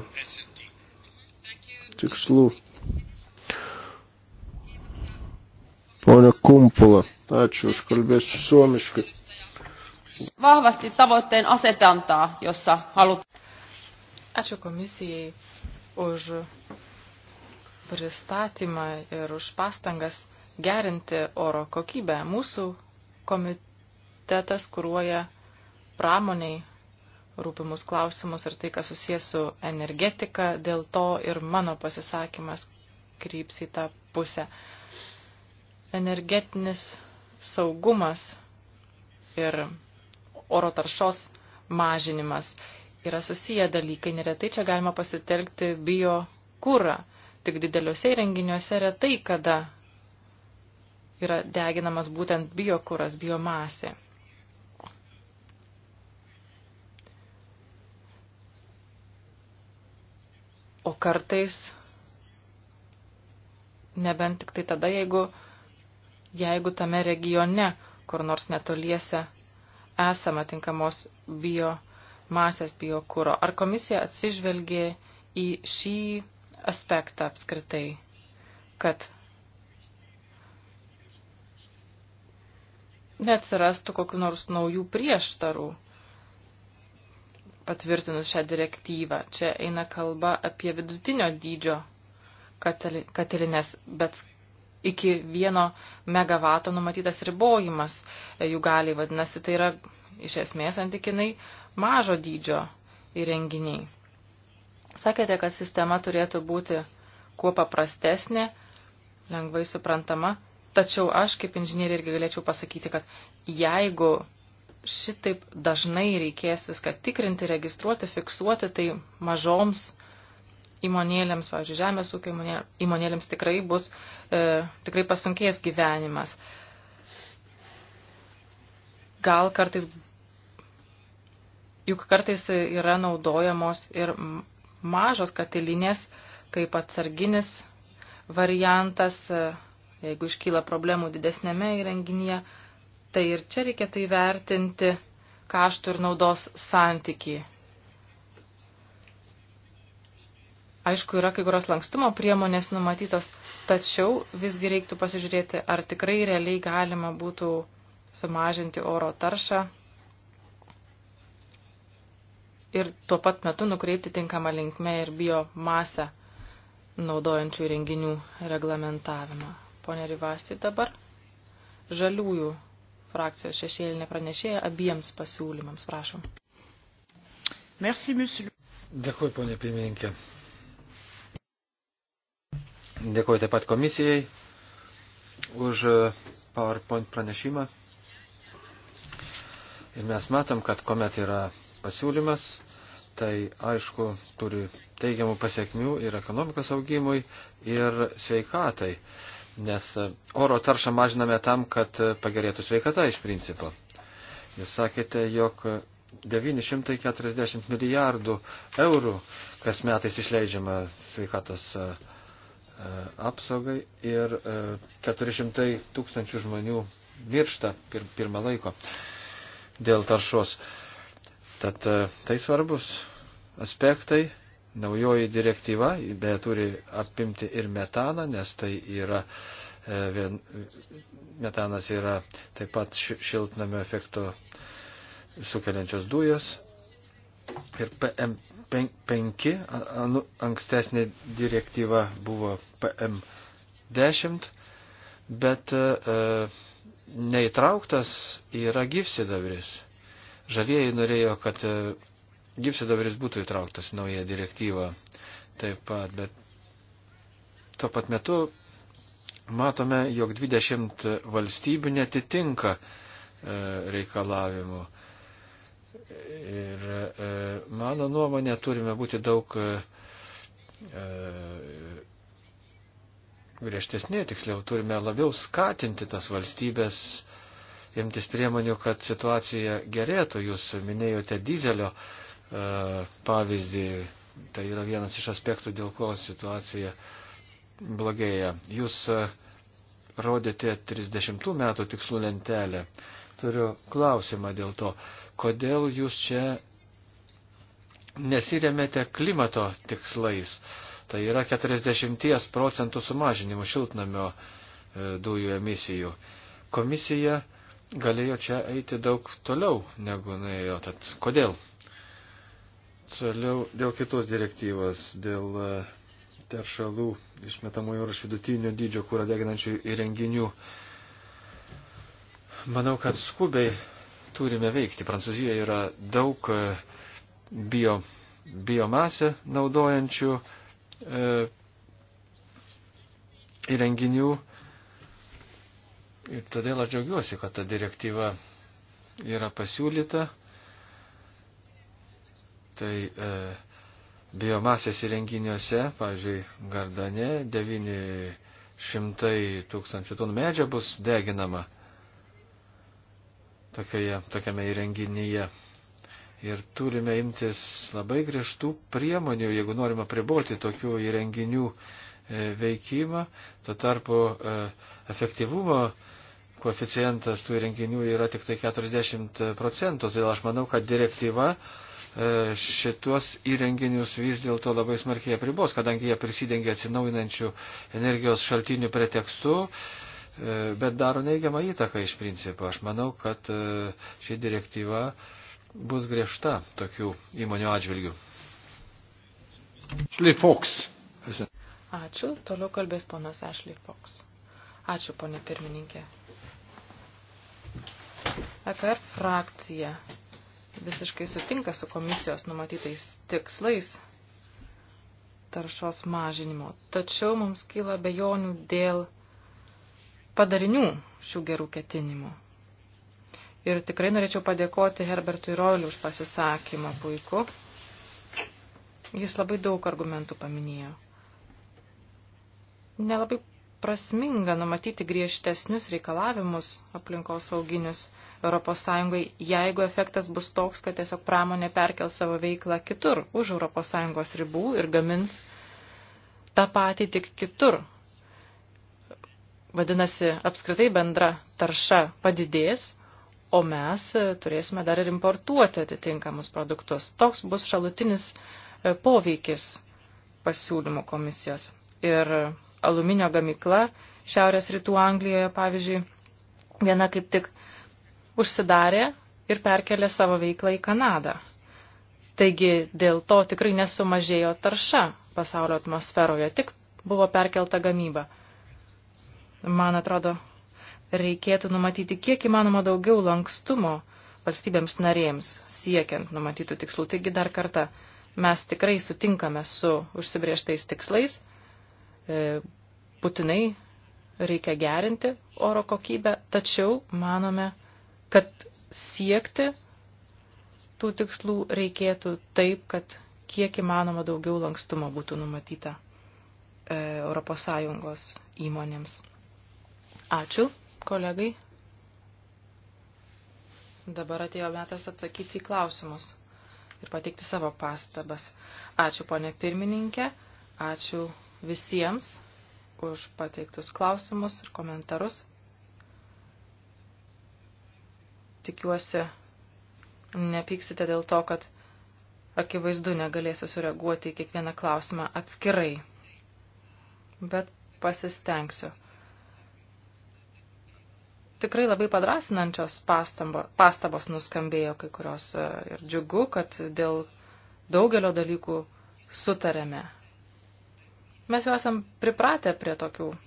tikslų. Pone Kumpula, ačiū, aš kalbėsiu suomiškai. Vahvasti tavoitteen asetantaa, jossa halut. Ačiū komisijai už pristatymą ir už pastangas gerinti oro kokybę. Mūsų komitetas kūruoja pramoniai rūpimus klausimus ir tai, kas susijęs su energetika, dėl to ir mano pasisakymas kryps į tą pusę. Energetinis saugumas ir oro taršos mažinimas yra susiję dalykai. Neretai čia galima pasitelkti bio kūrą. Tik dideliuose įrenginiuose retai kada yra deginamas būtent biokuras, biomasė. O kartais, nebent tik tai tada, jeigu, jeigu tame regione, kur nors netoliese, esama tinkamos biomasės biokūro. Ar komisija atsižvelgė į šį aspektą apskritai, kad neatsirastų kokiu nors naujų prieštarų patvirtinus šią direktyvą. Čia eina kalba apie vidutinio dydžio katilinės, bet iki vieno megavato numatytas ribojimas e, jų gali, vadinasi, tai yra iš esmės antikinai mažo dydžio įrenginiai. Sakėte, kad sistema turėtų būti kuo paprastesnė, lengvai suprantama, Tačiau aš kaip inžinierė irgi galėčiau pasakyti, kad jeigu šitaip dažnai reikės viską tikrinti, registruoti, fiksuoti, tai mažoms įmonėlėms, pavyzdžiui, žemės ūkio įmonėlėms tikrai bus, e, tikrai pasunkės gyvenimas. Gal kartais, juk kartais yra naudojamos ir mažos katilinės, kaip atsarginis variantas, e, jeigu iškyla problemų didesnėme įrenginyje, tai ir čia reikėtų įvertinti kaštų ir naudos santykį. Aišku, yra kai kurios lankstumo priemonės numatytos, tačiau visgi reiktų pasižiūrėti, ar tikrai realiai galima būtų sumažinti oro taršą ir tuo pat metu nukreipti tinkamą linkmę ir biomasę naudojančių įrenginių reglamentavimą ponė Rivasti dabar. Žaliųjų frakcijos šešėlinė pranešėja abiems pasiūlymams, prašom. Merci, monsieur. Dėkui, ponė pirmininkė. Dėkuoju taip pat komisijai už e, PowerPoint pranešimą. Ir mes matom, kad kuomet yra pasiūlymas, tai aišku turi teigiamų pasiekmių ir ekonomikos augimui, ir sveikatai. Uh, Nes e, oro taršą mažiname tam, kad e, pagerėtų sveikata iš principo. Jūs sakėte, jog 940 e, milijardų eurų kas metais išleidžiama sveikatos apsaugai ir 400 tūkstančių žmonių miršta per pirmą laiko dėl taršos. Tad tai svarbus aspektai Naujoji direktyva beje turi apimti ir metaną, nes tai yra, e, vien, metanas yra taip pat šiltnamio efekto sukeliančios dujos. Ir PM5 nu, ankstesnė direktyva buvo PM10, bet e, e, neįtrauktas yra gyvsidabris. Žalieji norėjo, kad e, gypsidabris būtų įtrauktas nauja direktyva taip pat, bet tuo pat metu matome, jog 20 valstybių netitinka e, reikalavimu. Ir e, mano nuomonė turime būti daug e, e griežtesnė, tiksliau turime labiau skatinti tas valstybės imtis priemonių, kad situacija gerėtų. Jūs minėjote dizelio e, E, pavyzdį. Tai yra vienas iš aspektų, dėl ko situacija blogėja. Jūs e, rodėte 30 metų tikslų lentelę. Turiu klausimą dėl to, kodėl jūs čia nesiremėte klimato tikslais. Tai yra 40 procentų sumažinimų šiltnamio e, dujų emisijų. Komisija galėjo čia eiti daug toliau negu nuėjo. Tad kodėl Toliau dėl kitos direktyvos, dėl e, teršalų išmetamųjų ir vidutinio dydžio kūro deginančių įrenginių. Manau, kad skubiai turime veikti. Prancūzijoje yra daug e, bio, biomasę naudojančių e, įrenginių. Ir todėl aš džiaugiuosi, kad ta direktyva yra pasiūlyta. Tai e, biomasės įrenginiuose, pavyzdžiui, Gardane 900 tūkstančių tonų medžio bus deginama tokioje, tokiame įrenginyje. Ir turime imtis labai griežtų priemonių, jeigu norime priboti tokių įrenginių e, veikimą. Tuo tarpu e, efektyvumo koeficientas tų įrenginių yra tik tai 40 procentų. Todėl aš manau, kad direktyva E, šitos įrenginius vis dėlto labai smarkiai apribos, kadangi jie prisidengia atsinaujinančių energijos šaltinių pretekstu, e, bet daro neigiamą įtaką iš principo. Aš manau, kad e, ši direktyva bus griežta tokių įmonių atžvilgių. Ashley Fox. Ačiū. Toliau kalbės ponas Ashley Fox. Ačiū, ponė pirmininkė. EKR frakcija visiškai sutinka su komisijos numatytais tikslais taršos mažinimo. Tačiau mums kyla bejonių dėl padarinių šių gerų ketinimų. Ir tikrai norėčiau padėkoti Herbertui Roiliu už pasisakymą puiku. Jis labai daug argumentų paminėjo. Nelabai prasminga numatyti griežtesnius reikalavimus aplinkos sauginius ES, jeigu efektas bus toks, kad tiesiog pramonė perkel savo veiklą kitur už ES ribų ir gamins tą patį tik kitur. Vadinasi, apskritai bendra tarša padidės, o mes turėsime dar ir importuoti atitinkamus produktus. Toks bus šalutinis e, poveikis pasiūlymų komisijos. Ir aluminio gamykla Šiaurės rytų Anglijoje, pavyzdžiui, viena kaip tik užsidarė ir perkelė savo veiklą į Kanadą. Taigi dėl to tikrai nesumažėjo tarša pasaulio atmosferoje, tik buvo perkelta gamyba. Man atrodo, reikėtų numatyti kiek įmanoma daugiau lankstumo valstybėms narėms siekiant numatytų tikslų. Taigi dar kartą mes tikrai sutinkame su užsibrieštais tikslais, e, būtinai reikia gerinti oro kokybę, tačiau manome, kad siekti tų tikslų reikėtų taip, kad kiek įmanoma daugiau lankstumo būtų numatyta e, ES įmonėms. Ačiū, kolegai. Dabar atėjo metas atsakyti į klausimus ir pateikti savo pastabas. Ačiū, ponė pirmininkė. Ačiū visiems už pateiktus klausimus ir komentarus. Tikiuosi, nepyksite dėl to, kad akivaizdu negalėsiu sureaguoti į kiekvieną klausimą atskirai, bet pasistengsiu. Tikrai labai padrasinančios pastabos nuskambėjo kai kurios e, ir džiugu, kad dėl daugelio dalykų sutarėme Mes jau esam pripratę prie tokių e,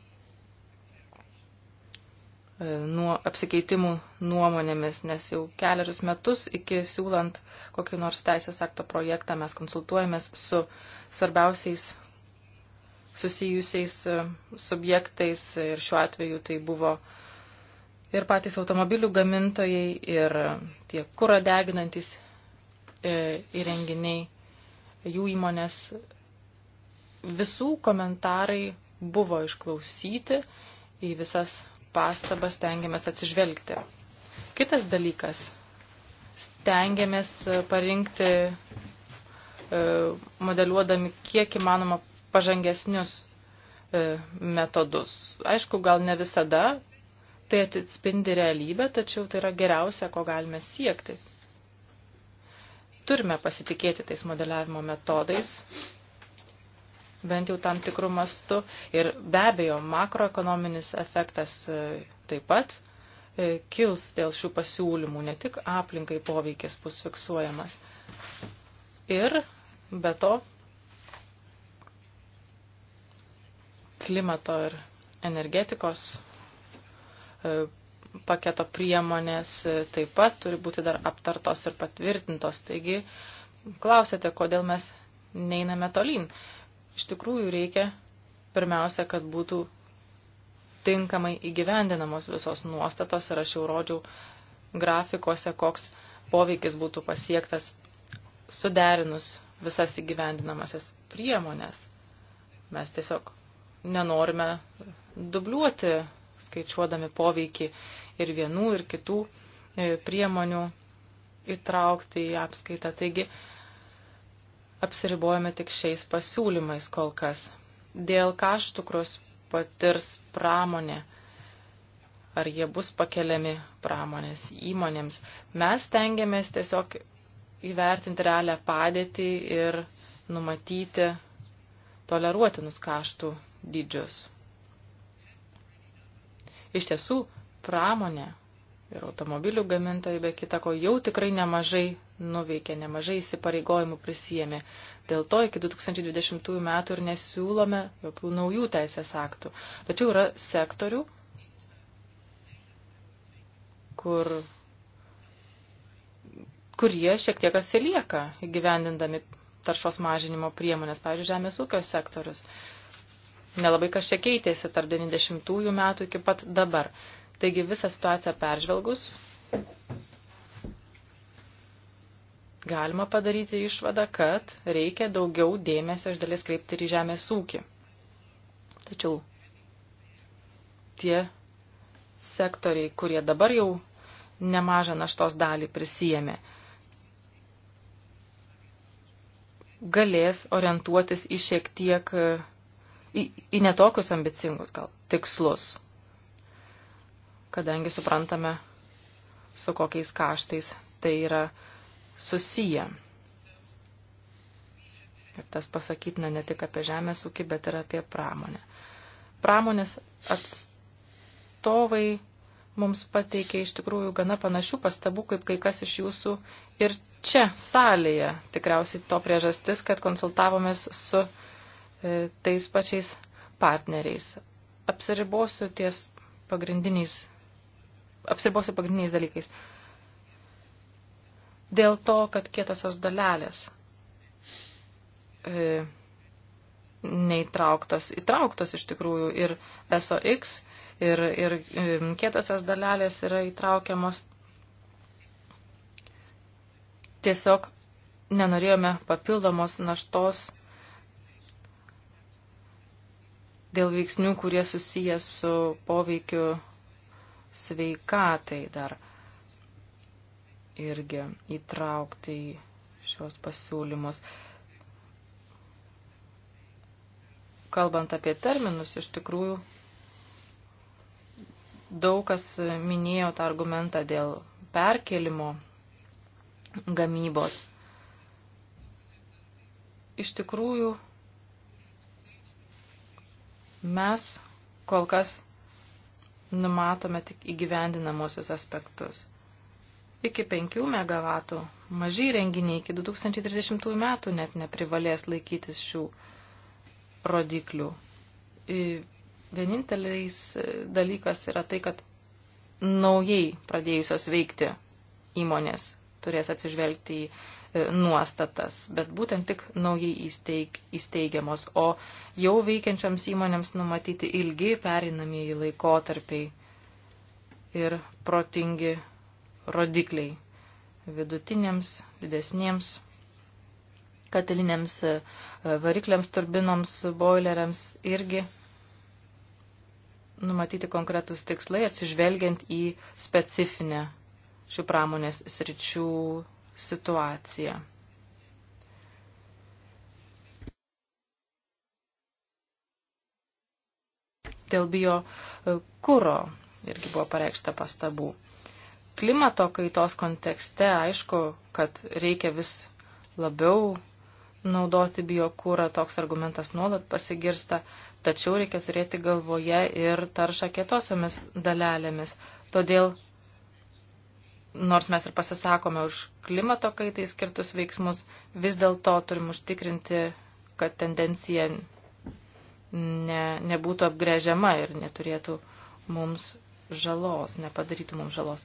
nuo apsikeitimų nuomonėmis, nes jau keliarius metus iki siūlant kokį nors teisės akto projektą mes konsultuojamės su svarbiausiais susijusiais e, subjektais ir šiuo atveju tai buvo ir patys automobilių gamintojai, ir tie kūro deginantis e, įrenginiai, jų įmonės Visų komentarai buvo išklausyti, į visas pastabas stengiamės atsižvelgti. Kitas dalykas, stengiamės e, parinkti, e, modeliuodami kiek įmanoma pažangesnius e, metodus. Aišku, gal ne visada tai atspindi realybę, tačiau tai yra geriausia, ko galime siekti. Turime pasitikėti tais modeliavimo metodais, bent jau tam tikrų mastų. Ir be abejo, makroekonominis efektas e, taip pat e, kils dėl šių pasiūlymų, ne tik aplinkai poveikis bus fiksuojamas. Ir be to klimato ir energetikos e, paketo priemonės taip pat turi būti dar aptartos ir patvirtintos. Taigi, klausėte, kodėl mes neiname tolyn. Iš tikrųjų reikia pirmiausia, kad būtų tinkamai įgyvendinamos visos nuostatos ir aš jau rodžiau grafikuose, koks poveikis būtų pasiektas suderinus visas įgyvendinamasias priemonės. Mes tiesiog nenorime dubliuoti, skaičiuodami poveikį ir vienų, ir kitų e, priemonių įtraukti į apskaitą. Taigi apsiribojame tik šiais pasiūlymais kol kas. Dėl kaštų, kurios patirs pramonė, ar jie bus pakeliami pramonės įmonėms, mes tengiamės tiesiog įvertinti realią padėtį ir numatyti toleruotinus kaštų dydžius. Iš tiesų, pramonė ir automobilių gamintojai be kitako jau tikrai nemažai nuveikė, nemažai įsipareigojimų prisijėmė. Dėl to iki 2020 metų ir nesiūlome jokių naujų teisės aktų. Tačiau yra sektorių, kur, kurie šiek tiek atsilieka įgyvendindami taršos mažinimo priemonės, pavyzdžiui, žemės ūkio sektorius. Nelabai kas čia keitėsi tarp 90 metų iki pat dabar. Taigi visą situaciją peržvelgus, galima padaryti išvadą, kad reikia daugiau dėmesio iš dalies kreipti ir į žemės ūkį. Tačiau tie sektoriai, kurie dabar jau nemažą naštos dalį prisijėmė, galės orientuotis į šiek tiek, į, į netokius ambicingus gal tikslus, kadangi suprantame, su kokiais kaštais tai yra susiję. Ir tas pasakytina ne tik apie žemės ūkį, bet ir apie pramonę. Pramonės atstovai mums pateikė iš tikrųjų gana panašių pastabų, kaip kai kas iš jūsų ir čia salėje. Tikriausiai to priežastis, kad konsultavomės su e, tais pačiais partneriais. Apsiribosiu ties pagrindiniais, apsiribosiu pagrindiniais dalykais. E, dėl to, kad kietosios dalelės e, neįtrauktos, įtrauktos iš tikrųjų ir SOX, ir, ir e, kietosios dalelės yra įtraukiamos. Tiesiog nenorėjome papildomos naštos dėl veiksnių, kurie susiję su poveikiu sveikatai dar. E, irgi įtraukti į šios pasiūlymus. Kalbant apie terminus, iš tikrųjų daug kas minėjo tą argumentą dėl perkelimo gamybos. Iš tikrųjų, mes kol kas numatome tik įgyvendinamosius aspektus – iki 5 MW. Maži renginiai iki 2030 metų net neprivalės laikytis šių rodiklių. Vienintelis e, dalykas yra tai, kad naujai pradėjusios veikti įmonės turės atsižvelgti į e, nuostatas, bet būtent tik naujai įsteig, įsteigiamos, o jau veikiančioms įmonėms numatyti ilgi pereinamieji laikotarpiai ir protingi rodikliai vidutinėms, didesniems katilinėms e, varikliams, turbinoms, boileriams irgi numatyti konkretus tikslai, atsižvelgiant į specifinę šių pramonės sričių situaciją. Dėl bio e, kūro irgi buvo pareikšta pastabų klimato kaitos kontekste aišku, kad reikia vis labiau naudoti biokūrą, toks argumentas nuolat pasigirsta, tačiau reikia turėti galvoje ir taršą kietosiomis dalelėmis. Todėl, nors mes ir pasisakome už klimato kaitai skirtus veiksmus, vis dėlto turim užtikrinti, kad tendencija ne, nebūtų apgrėžiama ir neturėtų mums žalos, nepadarytų mums žalos.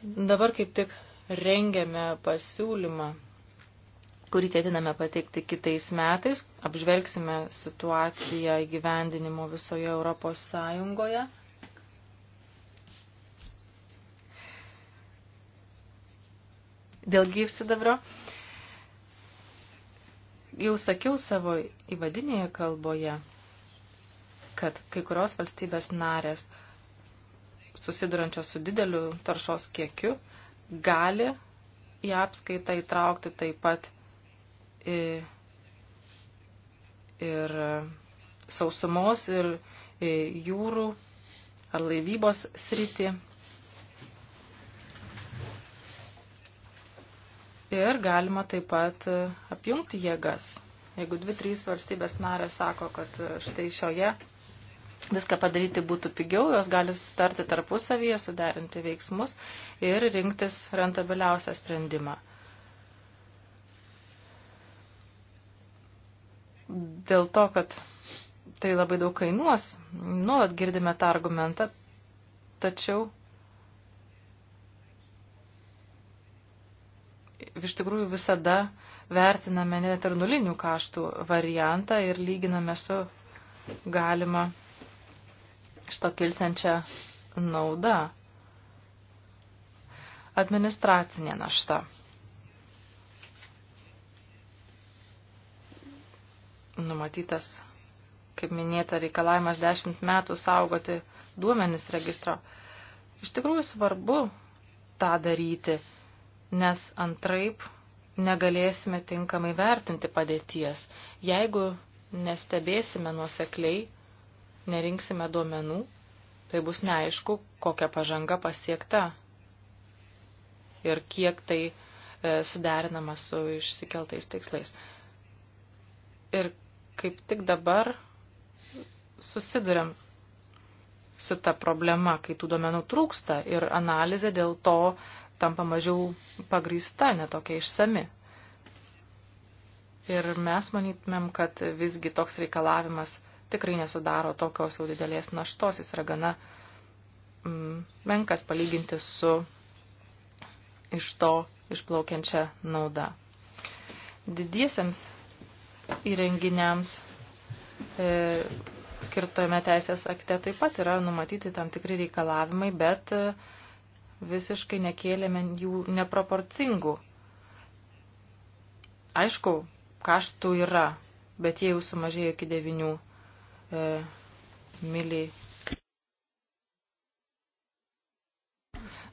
Dabar kaip tik rengiame pasiūlymą, kurį ketiname pateikti kitais metais. Apžvelgsime situaciją įgyvendinimo visoje Europos Sąjungoje. Dėl gyvsidabrio. Jau sakiau savo įvadinėje kalboje, kad kai kurios valstybės narės susidurančios su dideliu taršos kiekiu, gali į apskaitą įtraukti taip pat ir, ir sausumos ir e, jūrų ar laivybos sritį. Ir galima taip pat e, apjungti jėgas. Jeigu dvi, trys valstybės narės sako, kad e, štai šioje viską padaryti būtų pigiau, jos gali sustarti tarpusavyje, suderinti veiksmus ir rinktis rentabiliausią sprendimą. Dėl to, kad tai labai daug kainuos, nuolat girdime tą argumentą, tačiau iš tikrųjų visada vertiname net ir nulinių kaštų variantą ir lyginame su galima iš to kilsiančią naudą. Administracinė našta. Numatytas, kaip minėta, reikalavimas 10 metų saugoti duomenis registro. Iš tikrųjų svarbu tą daryti, nes antraip negalėsime tinkamai vertinti padėties. Jeigu nestebėsime nuosekliai nerinksime duomenų, tai bus neaišku, kokia pažanga pasiekta ir kiek tai e, suderinama su išsikeltais tikslais. Ir kaip tik dabar susidurėm su ta problema, kai tų duomenų trūksta ir analizė dėl to tampa mažiau pagrįsta, netokia išsami. Ir mes manytumėm, kad visgi toks reikalavimas tikrai nesudaro tokios jau didelės naštos, jis yra gana mm, menkas palyginti su iš to išplaukiančia nauda. Didiesiams įrenginiams e, skirtojame teisės akte taip pat yra numatyti tam tikri reikalavimai, bet e, visiškai nekėlėme jų neproporcingų. Aišku, kaštų yra, bet jie jau sumažėjo iki 9 E, miliai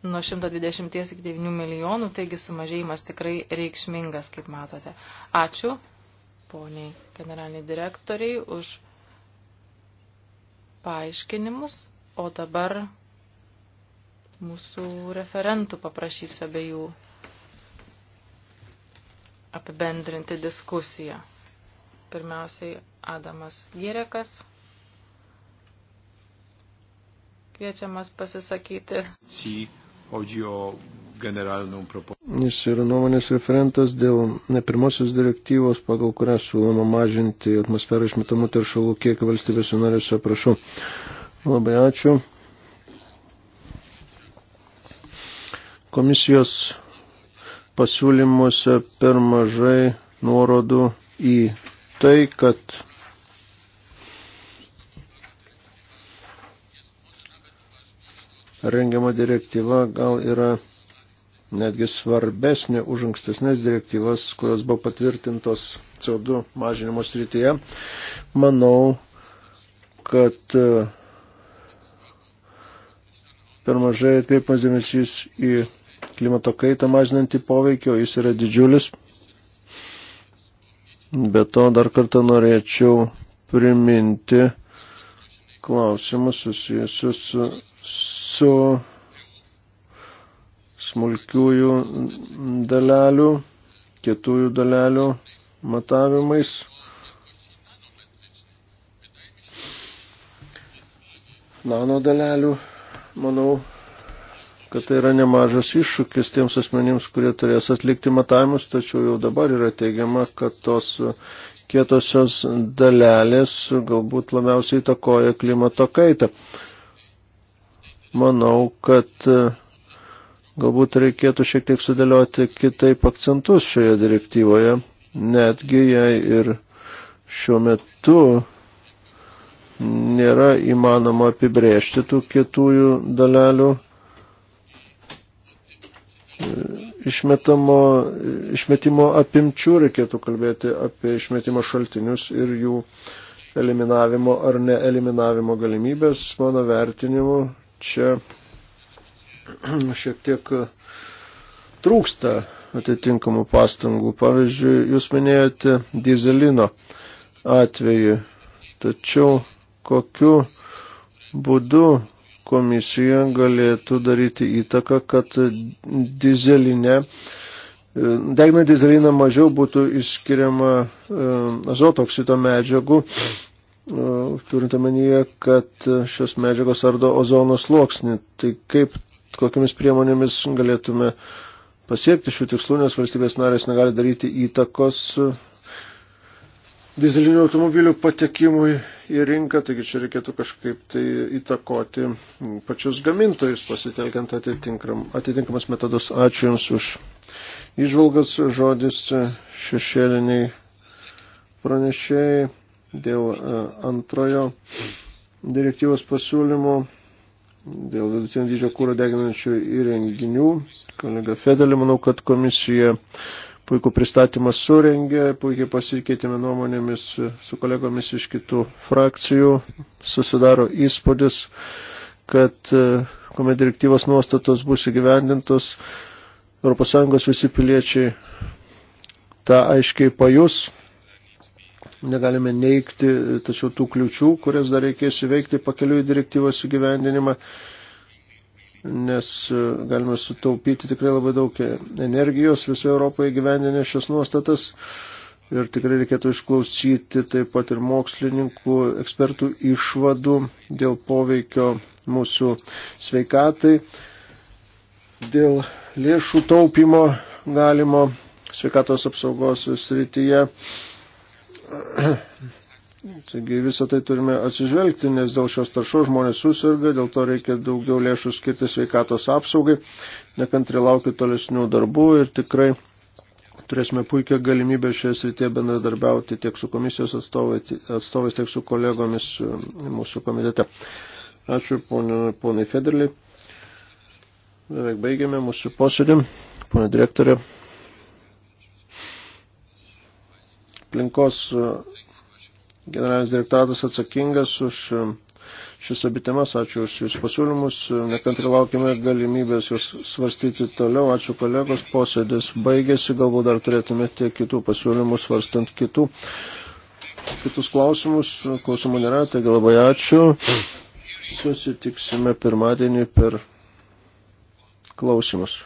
nuo 120 iki 9 milijonų, taigi sumažėjimas tikrai reikšmingas, kaip matote. Ačiū poniai generaliniai direktoriai už paaiškinimus, o dabar mūsų referentų paprašysiu abiejų apibendrinti diskusiją. Pirmiausiai Adamas Girekas. Kviečiamas pasisakyti. Jis yra nuomonės referentas dėl pirmosios direktyvos, pagal kurią siūloma mažinti atmosferą išmetamų teršalų kiekį valstybės narėse. Prašau. Labai ačiū. Komisijos pasiūlymuose per mažai nuorodų į tai, kad rengiama direktyva gal yra netgi svarbesnė už ankstesnės direktyvas, kurios buvo patvirtintos CO2 mažinimo srityje. Manau, kad e, per mažai atkreipimas dėmesys į klimato kaitą mažinantį poveikį, o jis yra didžiulis. Be to dar kartą norėčiau priminti klausimus susijusius su su smulkiųjų dalelių, kietųjų dalelių matavimais. Nano dalelių, manau, kad tai yra nemažas iššūkis tiems asmenims, kurie turės atlikti matavimus, tačiau jau dabar yra teigiama, kad tos kietosios dalelės galbūt labiausiai įtakoja klimato kaitą manau, kad e, galbūt reikėtų šiek tiek sudėlioti kitaip akcentus šioje direktyvoje, netgi jei ir šiuo metu nėra įmanoma apibrėžti tų kietųjų dalelių e, išmetamo, išmetimo apimčių, reikėtų kalbėti apie išmetimo šaltinius ir jų eliminavimo ar neeliminavimo galimybės. Mano vertinimu čia šiek tiek trūksta atitinkamų pastangų. Pavyzdžiui, jūs minėjote dizelino atvejį, tačiau kokiu būdu komisija galėtų daryti įtaką, kad dizelinė, degna dizeliną mažiau būtų išskiriama e, azotoksito medžiagų E, turint omenyje, kad šios medžiagos ardo ozono sluoksnį. Tai kaip, kokiamis priemonėmis galėtume pasiekti šių tikslų, nes valstybės narės negali daryti įtakos dizelinių automobilių patekimui į rinką, taigi čia reikėtų kažkaip tai įtakoti pačius gamintojus, pasitelkiant atitinkam, atitinkamas metodus. Ačiū Jums už išvalgas žodis šešėliniai pranešėjai dėl e, antrojo direktyvos pasiūlymo dėl vidutinio dydžio kūro deginančių įrenginių. Kolega Fedelė, manau, kad komisija puikų pristatymą surengė, puikiai pasikeitėme nuomonėmis su kolegomis iš kitų frakcijų. Susidaro įspūdis, kad e, kuomet direktyvos nuostatos bus įgyvendintos, ES visi piliečiai tą aiškiai pajus negalime neikti, tačiau tų kliučių, kurias dar reikės įveikti pakeliui direktyvos įgyvendinimą, nes e, galime sutaupyti tikrai labai daug energijos visoje Europoje įgyvendinę šias nuostatas. Ir tikrai reikėtų išklausyti taip pat ir mokslininkų, ekspertų išvadų dėl poveikio mūsų sveikatai, dėl lėšų taupimo galimo sveikatos apsaugos srityje. Taigi visą tai turime atsižvelgti, nes dėl šios taršos žmonės susirga, dėl to reikia daugiau lėšų skirti sveikatos apsaugai, nekantri laukiu tolesnių darbų ir tikrai turėsime puikią galimybę šioje srityje bendradarbiauti tiek su komisijos atstovai, atstovais, tiek su kolegomis e, mūsų komitete. Ačiū ponai Federliai. Beveik baigėme mūsų posėdį. Pone direktorė. aplinkos e, generalinis direktoratas atsakingas už e, šis abi temas. Ačiū už Jūsų pasiūlymus. E, Nekantri laukime galimybės juos svarstyti toliau. Ačiū kolegos. Posėdis baigėsi. Galbūt dar turėtumėte kitų pasiūlymų svarstant kitų. Kitus klausimus. Klausimų nėra. Taigi labai ačiū. Susitiksime pirmadienį per klausimus.